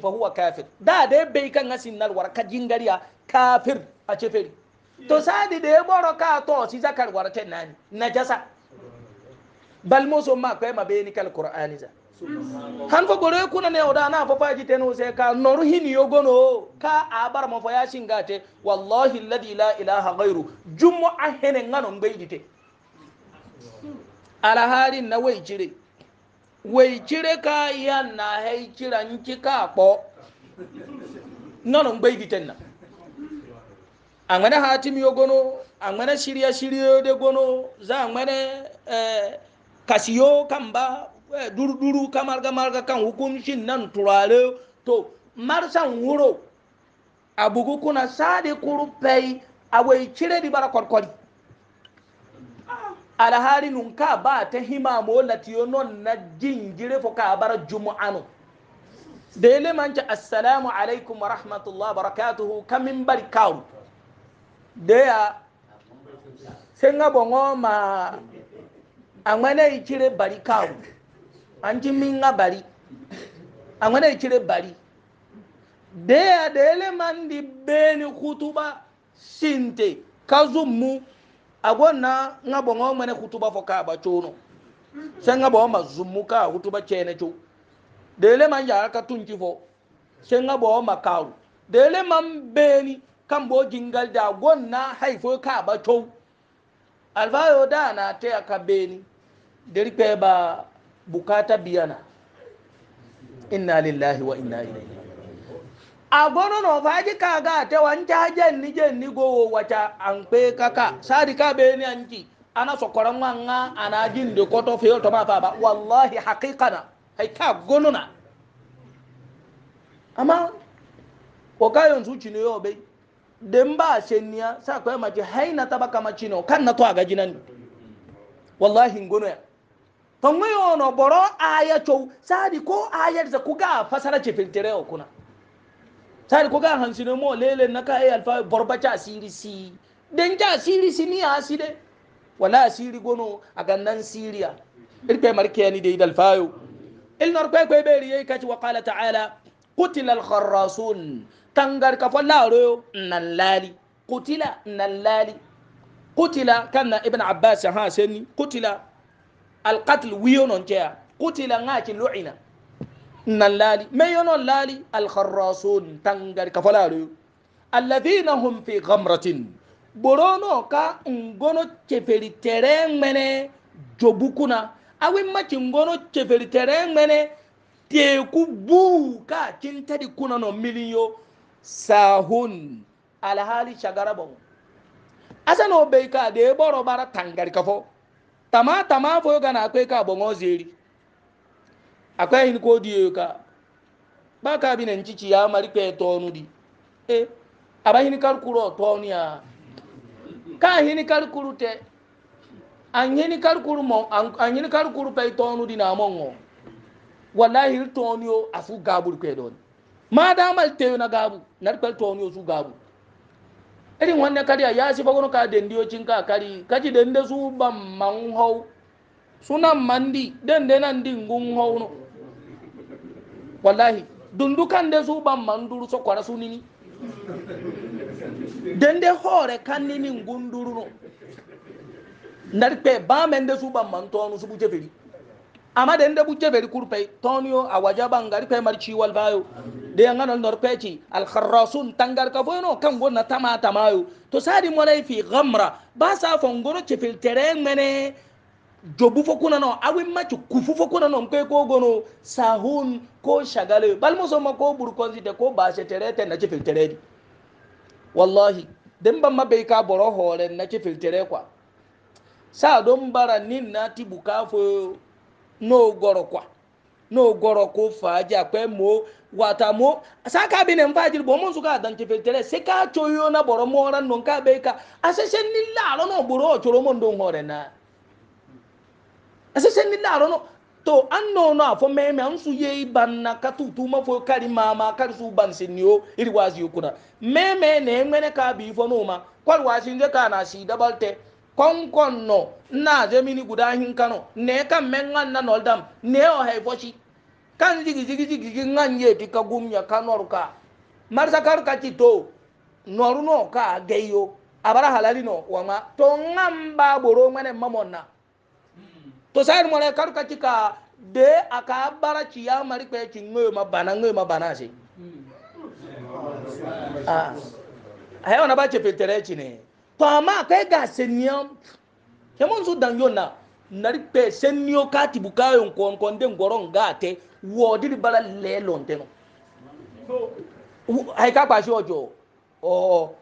fa huwa kafir da dai bai kan asin nar ka jingariya kafir a ceferi to sadi da ya boro ka to si zakar wara nani najasa bal muso ma kai ma bai ni kal qur'ani za han fa gore kuna ne oda na fa faji teno se ka noru hini yogono ka abar ma fa ya shingate wallahi alladhi la ilaha ghairu jumu'a hene ngano ngbeidite alahari na wai jire wei cire ka ya na hai cira nki ka kpo nono ngbe giten na angmane hatim yo gono angmane shiriya shiriyo de za angmane eh, kasiyo kamba eh, duru duru kamarga kan hukum shin nan turare to marsan wuro abugu kuna sade kuru pei awai cire di bara korkori alhari nun ka ba ta hima mo latiyo non na jingire fo ka bara jumu'anu da yele manci assalamu alaikum wa rahmatullahi barakatuhu kamin bari karu da ya sai nga bongo ma angwana ikire bari karu anji min nga bari angwana ikire bari da ya da yele man di beni kutuba sinte kazummu agonna nga bongo mane hutuba fo ka ba chono sai nga bongo mazummu ka hutuba chene cho dele man ya ka tunji fo sai nga bongo makaru dele man beni kan bo jingal da gonna haifo ka ba cho alfayo da na te aka beni deri pe ba bukata biyana inna lillahi wa inna ilaihi agono no faji kaga te wanja jenni jenni go wacha anpe kaka sadi ka be ni anji ana sokora nganga ana jinde koto fe to ba baba wallahi haqiqana hay ka gonuna ama ko kayon su chino yo be dem ba senya sa ko ma ji haina tabaka ma chino kan na to aga jinan wallahi ngono to ngoyo no boro aya chow sadi ko aya za kuga fasara chepiltere okuna tari koga hansine mo lele naka e alfa borba ca siri si den ca siri si ni asi de wala siri gono aga nan siriya irpe markeni de idal fayo il nor kwe kwe beri yei kachi wa qala ta'ala qutila al kharrasun tangar ka falla royo nan lali qutila nan lali qutila kana ibn abbas ha seni qutila al qatl wiyo non cea qutila ngaki lu'ina nan laali meyono laali alkharrasun tangari kafalaru alladhina hum fi ghamratin borono ka ngono cheferi tereng mene jobukuna awi machi ngono cheferi tereng mene teku bu ka cintadi kuna no miliyo sahun alhali shagarabon asano bai ka de boro bara tangari kafo tama tama foyo gana akwai ka bongo zeri akwai hin ko di ka ba ka bi nan cici ya mari pe tonu di e aba hin kar kuro tonu ya ka hin kar kuru te an hin kar kuru mo an hin kar kuru pe tonu di na mongo wallahi tonu yo asu gabur pe don ma da mal te na gabu nar pe tonu yo su gabu irin wannan kariya ya shi fagono ka dendiyocin ka kari kaji dende su ban man hau sunan mandi dende nan din gun hau no wallahi dundukan de su ban manduru so kwara su nini den de hore kan nini ngunduru no narpe ba men de su ban man to su buje feri amma den de buje feri kurpe tonio awaja ban gari pe marci wal bayo de ngano norpe ci al kharasun tangar ka boyno kan gonna tama tamayo to sadi mo fi ghamra ba sa fongoro ci fil tereng mene jobu fo kuna no awi machu kufu fo kuna no mpe ko gono sahun ko shagale bal mo soma ko buru konzite ko ba se terete na chifil teredi wallahi dem mabe ka boro hore na chifil tere kwa sa don bara nin na tibu ka fo no goro kwa no goro ko faji ape mo wata mo sa ka bi ne mfaji bo mo suka dan chifil tere se ka choyo na boro mo ran non ka be ka asese nin la ro no buru o choro mo ndon hore na ese sen nila rono to an ah, nono a fo meme an su katutu ma ka tutuma kari mama kari su ban sinni o iri wasi yukuna meme ne ŋmene ka bi no noma kwal wasi nje ka na si dabalte konkon no na zemini guda hinkano ne kan men ŋan na noldam ne o hay fo si kan jigi jigi jigi jigi ŋan yeti ka gumya ka noru ka marsa kar ka ci to noru no ka geyo abara halali no wama to ŋan ba boro ŋmene mamon na to sayar mare karka kika de aka bara ci ya mari pe ci ngoy ma bana ngoy ma bana se hmm. ah ayo na ba ce filtere ci ne to amma kai ga senior kemon su dan yona nari pe senior ka ti bukayon kon kon den goron ga te wodi bara lelon teno hmm. ai ka pa shi ojo o oh, oh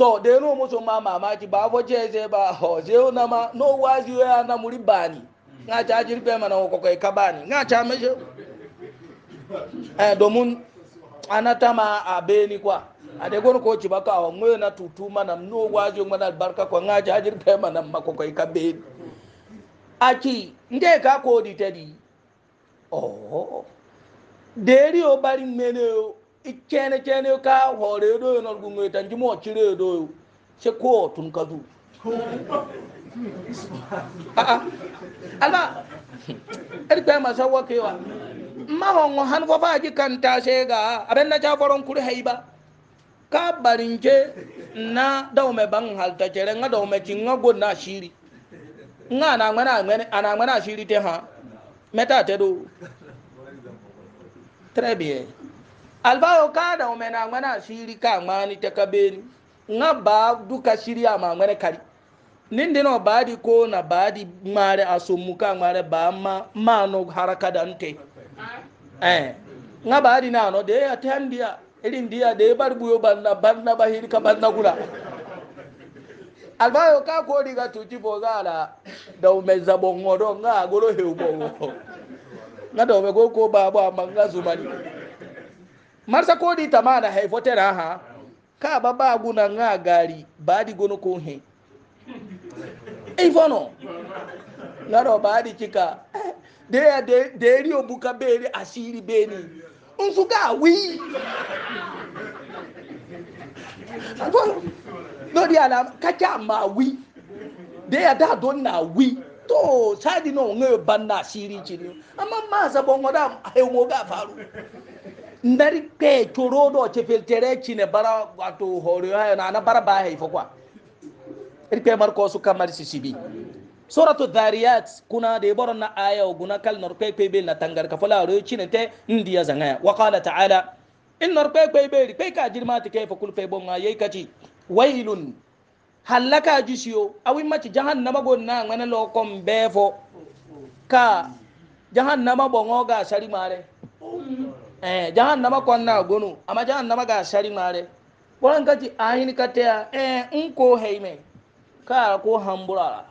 to da yano musu ma mamaki ba fa ce sai ba ho sai na ma no wazi ya na muri e bani nga e, ta jirbe mana ko kai ka bani nga ta me eh domin anatama abeni kwa ade gon ko ci baka wa ngoyo na tutu mana no wazi mana barka ko nga ta jirbe mana ma ko kai e ka beni aki nde ka ko di tedi oh deri o bari mene o ikene kene ka hore do yo no gungo tan jimo chire do yo se ko tun kazu ah, ah. ala er ta ma sawa ke wa ma won han fo faji kan ta se ga aben na cha foron kuri haiba ka barinje na daw me ban halta jere nga daw me jinga go na shiri nga na ngana ngana ana ngana shiri te ha meta te do très bien albayo kada o mena ngana siri ka ngani teka beni nga ba duka siri ama ngana kari ninde no badi ko na badi mare asomuka mare ba ma mano haraka da eh nga badi na no de atandia irin dia de bar buyo banna banna bahiri ka banna kula, albayo ka ko diga tuti bo gala da o me zabon ngodo nga goro heubo nga do me ko ko babo amanga zumani marsa ko di tamana hay votera ha ka baba guna nga gari badi gono ko he e vono ngaro di chika de de de ri obuka beri asiri beni nfuga wi no di ala cha ma wi de ya da don na wi to sadi no nge banna asiri chini ama ma za bongo da hewo ga faru nari pe coro do ce filtere cine bara wato horo hayo na na bara ba haifo kwa irpe mar ko su kamar sisibi suratu dhariyat kuna da ibaron na aya guna kal norpe pe be na tangar ka fala ro cine te ndiya zangaya wa qala ta'ala in norpe pe be pe ka jirma ta kai fa kul fe bon ayi kaci wailun halaka jisiyo awi ma maci jahannama gonna ngana lo kom befo ka jahan jahannama bongo ga sari mare eh jahannama kwanna gonu amma jahannama ga shari mare boran kati ayin kataya eh in ko heime ka ko hambura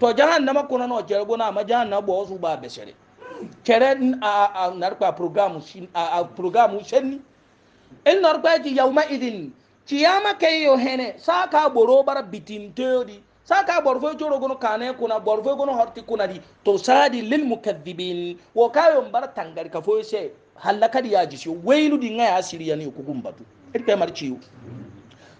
to jahannama kuna no jergona amma jahannama bo su ba be shari kere a a narpa program shin a program shin in narpa ji yauma idin kiyama kayo hene saka boro bara bitim teodi saka borfo coro gono kane kuna borfo gono horti kuna di to sadi lil mukaththibin wo kayo bara tangar ka fo se halakar ya ji shi wailu din ya asiriya ne kugun batu irka mar ciwo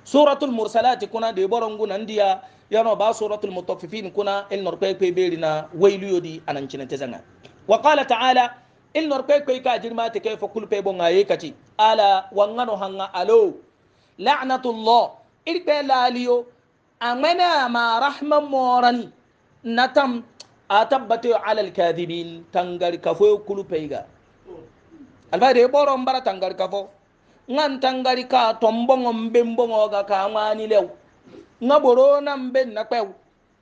suratul mursalati kuna da boron gunan diya yano ba suratul mutaffifin kuna il norpe kwe beri na wailu yodi anan cinan wa qala ta'ala il norpe kwe ka jirma ta kai kulpe bon aye ala wangano hanga alo la'natullah irka laliyo amana ma rahman morani natam a tabbata alal kadhibin tangar kafo kulpe ga alfaade ɓoro mbara tangari fo ngan tangari ka ton bongo mbe mbongoga ka ŋwani lew nga ɓorona mbe na kpew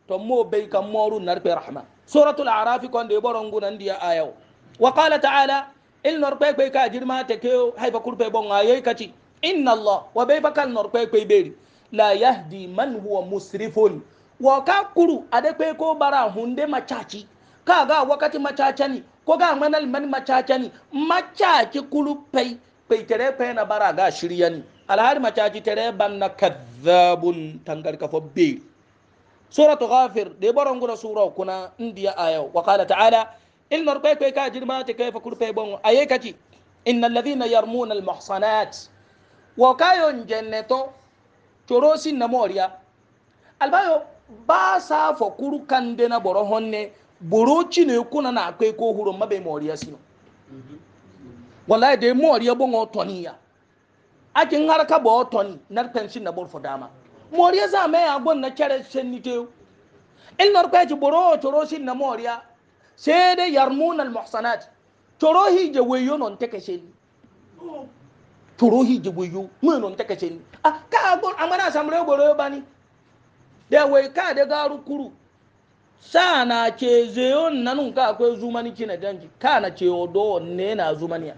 ton mo bey kam moru nar rahma suratul arafi konde ɓoro ngunandiya ayawo wa qala taala il nor kpe kpe ka jirma te keo hayfa kurpe bongo ayey kati inna allah wa ɓey fa kal nor kpe kpe ɓeeri la yahdi man huwa musrifun wo ka kuru ade kpe ko bara hunde macaci kaga wakati macacani ko ga manal man macacani macaci kulu pay pay tere pay na bara ga shiryani alhari macaci tere banna kadhabun tangar ka fo be suratu ghafir de boron gura sura kuna indiya ayo wa qala ta'ala in nar pay pay ka jirma te kay fa kulu pay bon aye kati innal ladhina yarmuna al muhsanat wa kayon jannato corosin na moriya albayo ba sa fo kuru kande na boro honne boro chine kuna na akwai ko huro mabe moriya sino wallahi dai moriya bon otoni ya akin harka bo otoni nar pension na bor fo dama moriya za me ya gon na kere senite in nar ko ji boro choro si na moriya sai dai yarmun al muhsanat choro hi je weyo non take shin choro hi je weyo mo non take shin ah ka gon amana samre boro bani de wai ka da garu kuru sana ke zeyon nanun ka akwai zumani kina danji kana ce do ne na zumaniya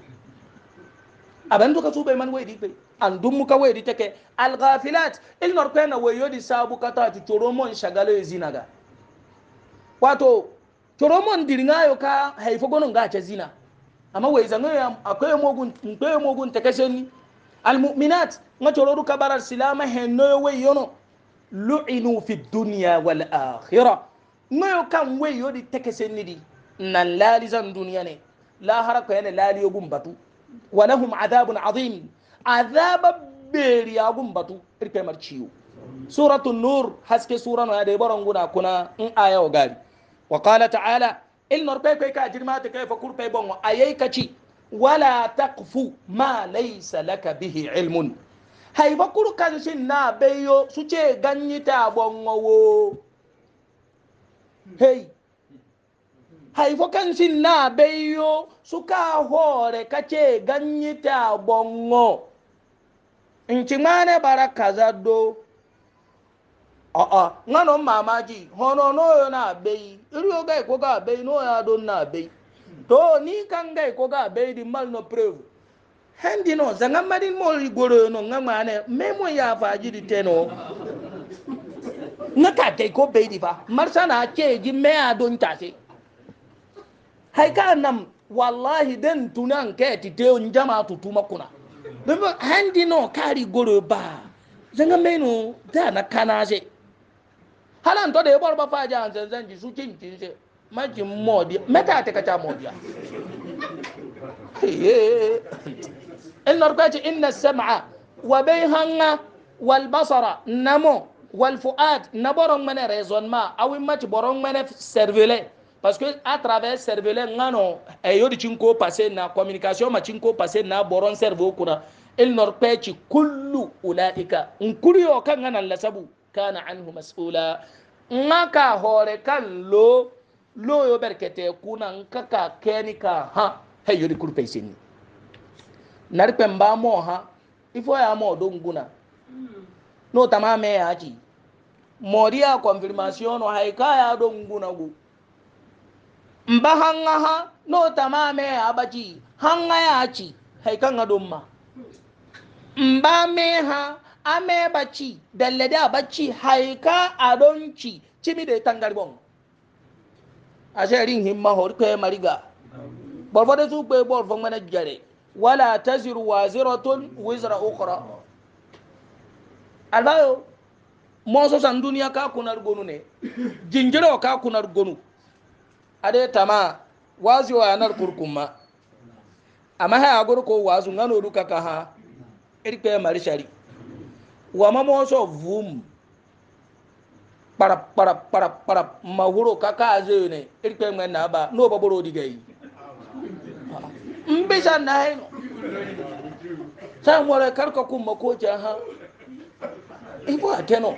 abin duka su bai man wai dikai an dun muka wai dita ke alghafilat il nor ko na wayo di sabu kata ti choromon shagalo e zinaga wato choromon diringayo ka haifo gonon ga ce zina amma wai zango ya akwai mogun akwai mogun ta kashe almu'minat ngachoro ruka barar silama henno wai yono lu'inu fi dunya wal akhirah ŋoyo kan wey yodi tekese nidi nan laali zan duniya ne lahara ko yana laali yogun batu walahum adabun azim azaba beri yagun batu irke mar ciwo suratu nur haske sura no da boron guna kuna in aya wa gari wa qala ta'ala il nor pe ka jirma ta kai fa kurpe bon ayai kaci wala taqfu ma laysa laka bihi ilmun hay bakuru kan shin na beyo su ce ganyi ta bonwo hey haifokan sin na beyo suka hore kace ganyi ta bongo in ci mane bara kaza do uh-uh. a'a mama ji hono no na bei iriyo gai ko ga bei no ya do na bei to ni kan gai ko ga bei di mal no preuve hendi no zanga madin mo rigoro no ngamane memo ya faji di teno na ta dai ko bai di fa marsa na ke ji meya don ta se hai ka nam wallahi den tunan ke ti te on jama tu tuma kuna don handi no kari goro ba zanga menu da na kana se halan to da ya bar ba fa ja zan zan ji su kin kin se maji modi meta ta kaca modiya in narkwaci inna sam'a wa bai hanga wal basara namo walfuad na boron mene raisonnement awi match borong mene cervelet parce que à travers cervelet ngano e eh, yodi cinko passé na communication ma cinko passé na borong cerveau kuna il norpeci kullu ulaika nkuri yo kan ngana lasabu kana anhu mas'ula ngaka hore kan lo lo yo berkete kuna nkaka kenika ha he yodi kurpe sini narpe mo ha ifo ya mo donguna hmm. no tamame ya ji moria confirmation o hay kaya do ngunagu mba hanga ha no tamame abaji hanga ya chi hay kanga domma mba me ha ame bachi dalle da bachi hay ka adonchi chimi de tangalbon ashe rin himma hor ko mariga bor fo de su pe bor jare wala taziru waziratun wizra ukhra albayo moso san duniya ka kunar gonu ne jinjiro ka kunar gonu ade tama wazi wa yanar kurkuma amma ha agur ko wazu ngano duka ka ha irke mari wa ma moso vum para para para para mahuro ka ka aje ne irke ngwe na ba no baboro digai mbisa na hino sai mo re karka kuma ko ha Ibu ibo ateno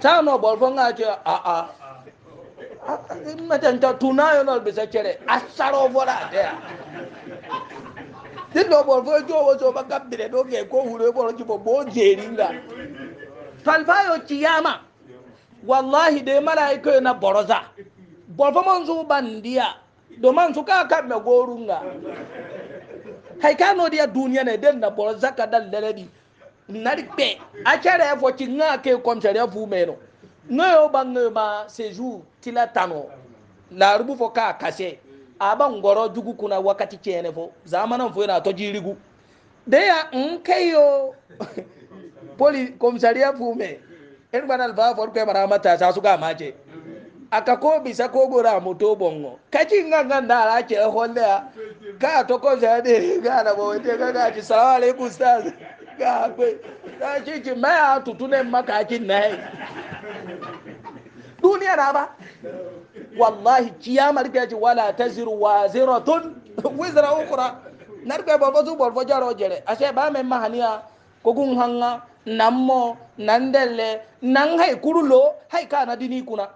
tano bolfo ngati a a matanta tunayo nol bisa cere asaro vola dea dillo bolfo jowo so ba gabbire do ge ko hulo bo jibo bo jeringa falfayo kiyama wallahi de malaika na boroza bolfo man su bandiya do man su ka ka me gorunga hay kano dia duniya ne den na boroza ka dal lelebi narikpe acere ya foci nga ke komcere ya fumeno nga yo ba nga ma sejour tila tano larubu fo ka kase aba ngoro jugu kuna wakati chene fo zamanan fo na to jirigu deya ya nke yo poli komcere ya fume en banal ba for ko bara mata sa su ga maje bisa ko gora moto bongo kaci nga nga ndara ke holle ka to ko zade ga na bo te ga ga ci salamu alaikum ustaz ga pe ta ci ci mai a tutu ne maka ci nai duniya na ba wallahi kiyamar ke ci wala taziru waziratun wizra ukra narbe bobo su bobo jaro jere ashe ba mai mahaniya kogun hanga nan mo nan delle nan hai kurulo hai ka na dini kuna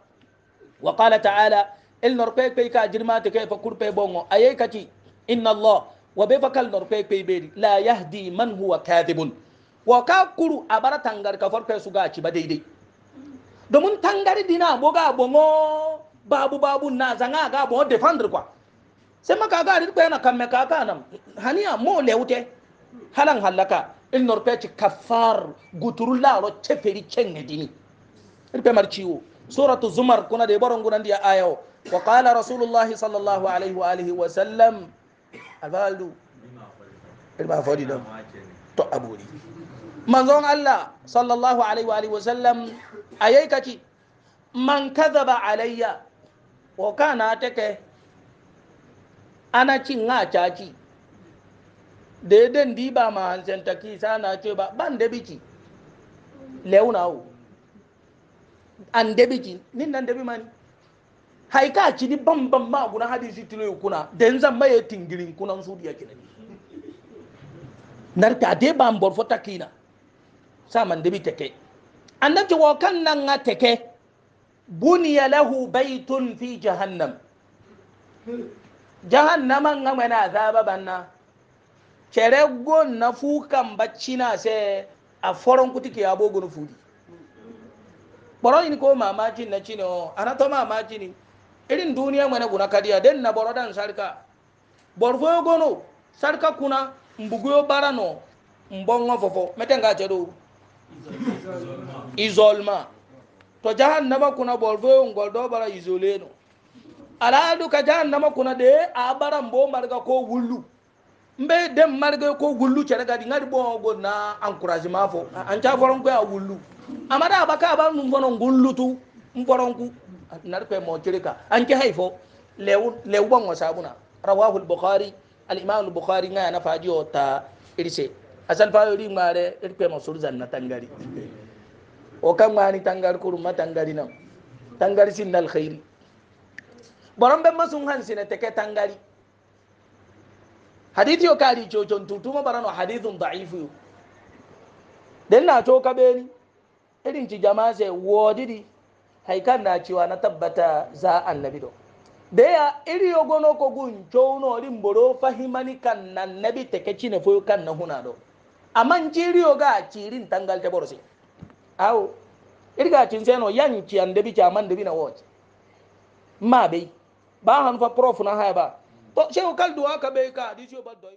wa qala ta'ala il norpe pe ka jirma te kai fa kurpe bongo ayi kaci inna allah وبفكال نوربي بي بي لا يهدي من هو كاذب وكاكرو أبارة تنغر كفر كيسوغا أشيبا دي دي domin tangari dina boga bongo babu babu na zanga ga bo defendre kwa sai maka ga rin yana kamme kaka nan haniya mo lewte halan halaka il norpeci kafar guturulla ro cheferi chenge dini irpe mar ciwo suratu zumar kuna de boron gunan dia ayo wa qala rasulullahi sallallahu alaihi wa alihi wa sallam albalu ilma afodi don to aburi manzon Allah sallallahu alaihi wa alihi wa sallam ayai kaci man kadhaba alayya wa kana take ana cin nga caci deden di ba ma hansen taki sana ce ba ban da biki leuna an da biki nin nan da bi mani haika ci ni ban ban ma guna hadisi tilo kuna den zan maye tingirin kuna su diya kinani narta de ban bor fota kina sa man debi teke annabi wa kan nan ga teke buniya lahu baitun fi jahannam jahannaman ga mana azaba banna kere gon na fukan bacci na sai a foron kutike ya bogun fudi boron ko mamaji na cini o ana anato mamaji ni irin duniya mana guna kadiya den na boro dan sarka borfo gono sarka kuna mbugo barano mbongo fofo metenga jedo isolma to jahannama kuna borfo ngoldo bara isoleno aladu ka jahannama kuna de a bara mbo marga ko wullu mbe dem marga ko wullu cere gadi ngari bo go na encouragement fo an ta foron ko a wullu amada abaka ba num bono ngullutu mborongu narpe mo kirika anke haifo lewu lewu bon wasabuna rawahu al-bukhari al-imam al-bukhari ngaya na faji ota irise asal fa yori mare irpe mo surzan na tangari o kan mani tangar kuru ma tangari nan tangari sin dal khairi boron ben masun hansi na teke tangari hadithi o kari cojon tutuma barano hadithun da'ifu den na to kabeni irin ci jama'a sai wodidi haikan na cewa na tabbata za annabi do da ya iri yogono ko gun jono rin boro fahimani kan na nabi take cine foyo kan na huna do amma jiri yoga cirin tangal ta borse awo irga cin seno yan ci an dabi ci amman na wote ma bai ba han fa prof na haya ba to shehu kalduwa ka bai ka hadisi ba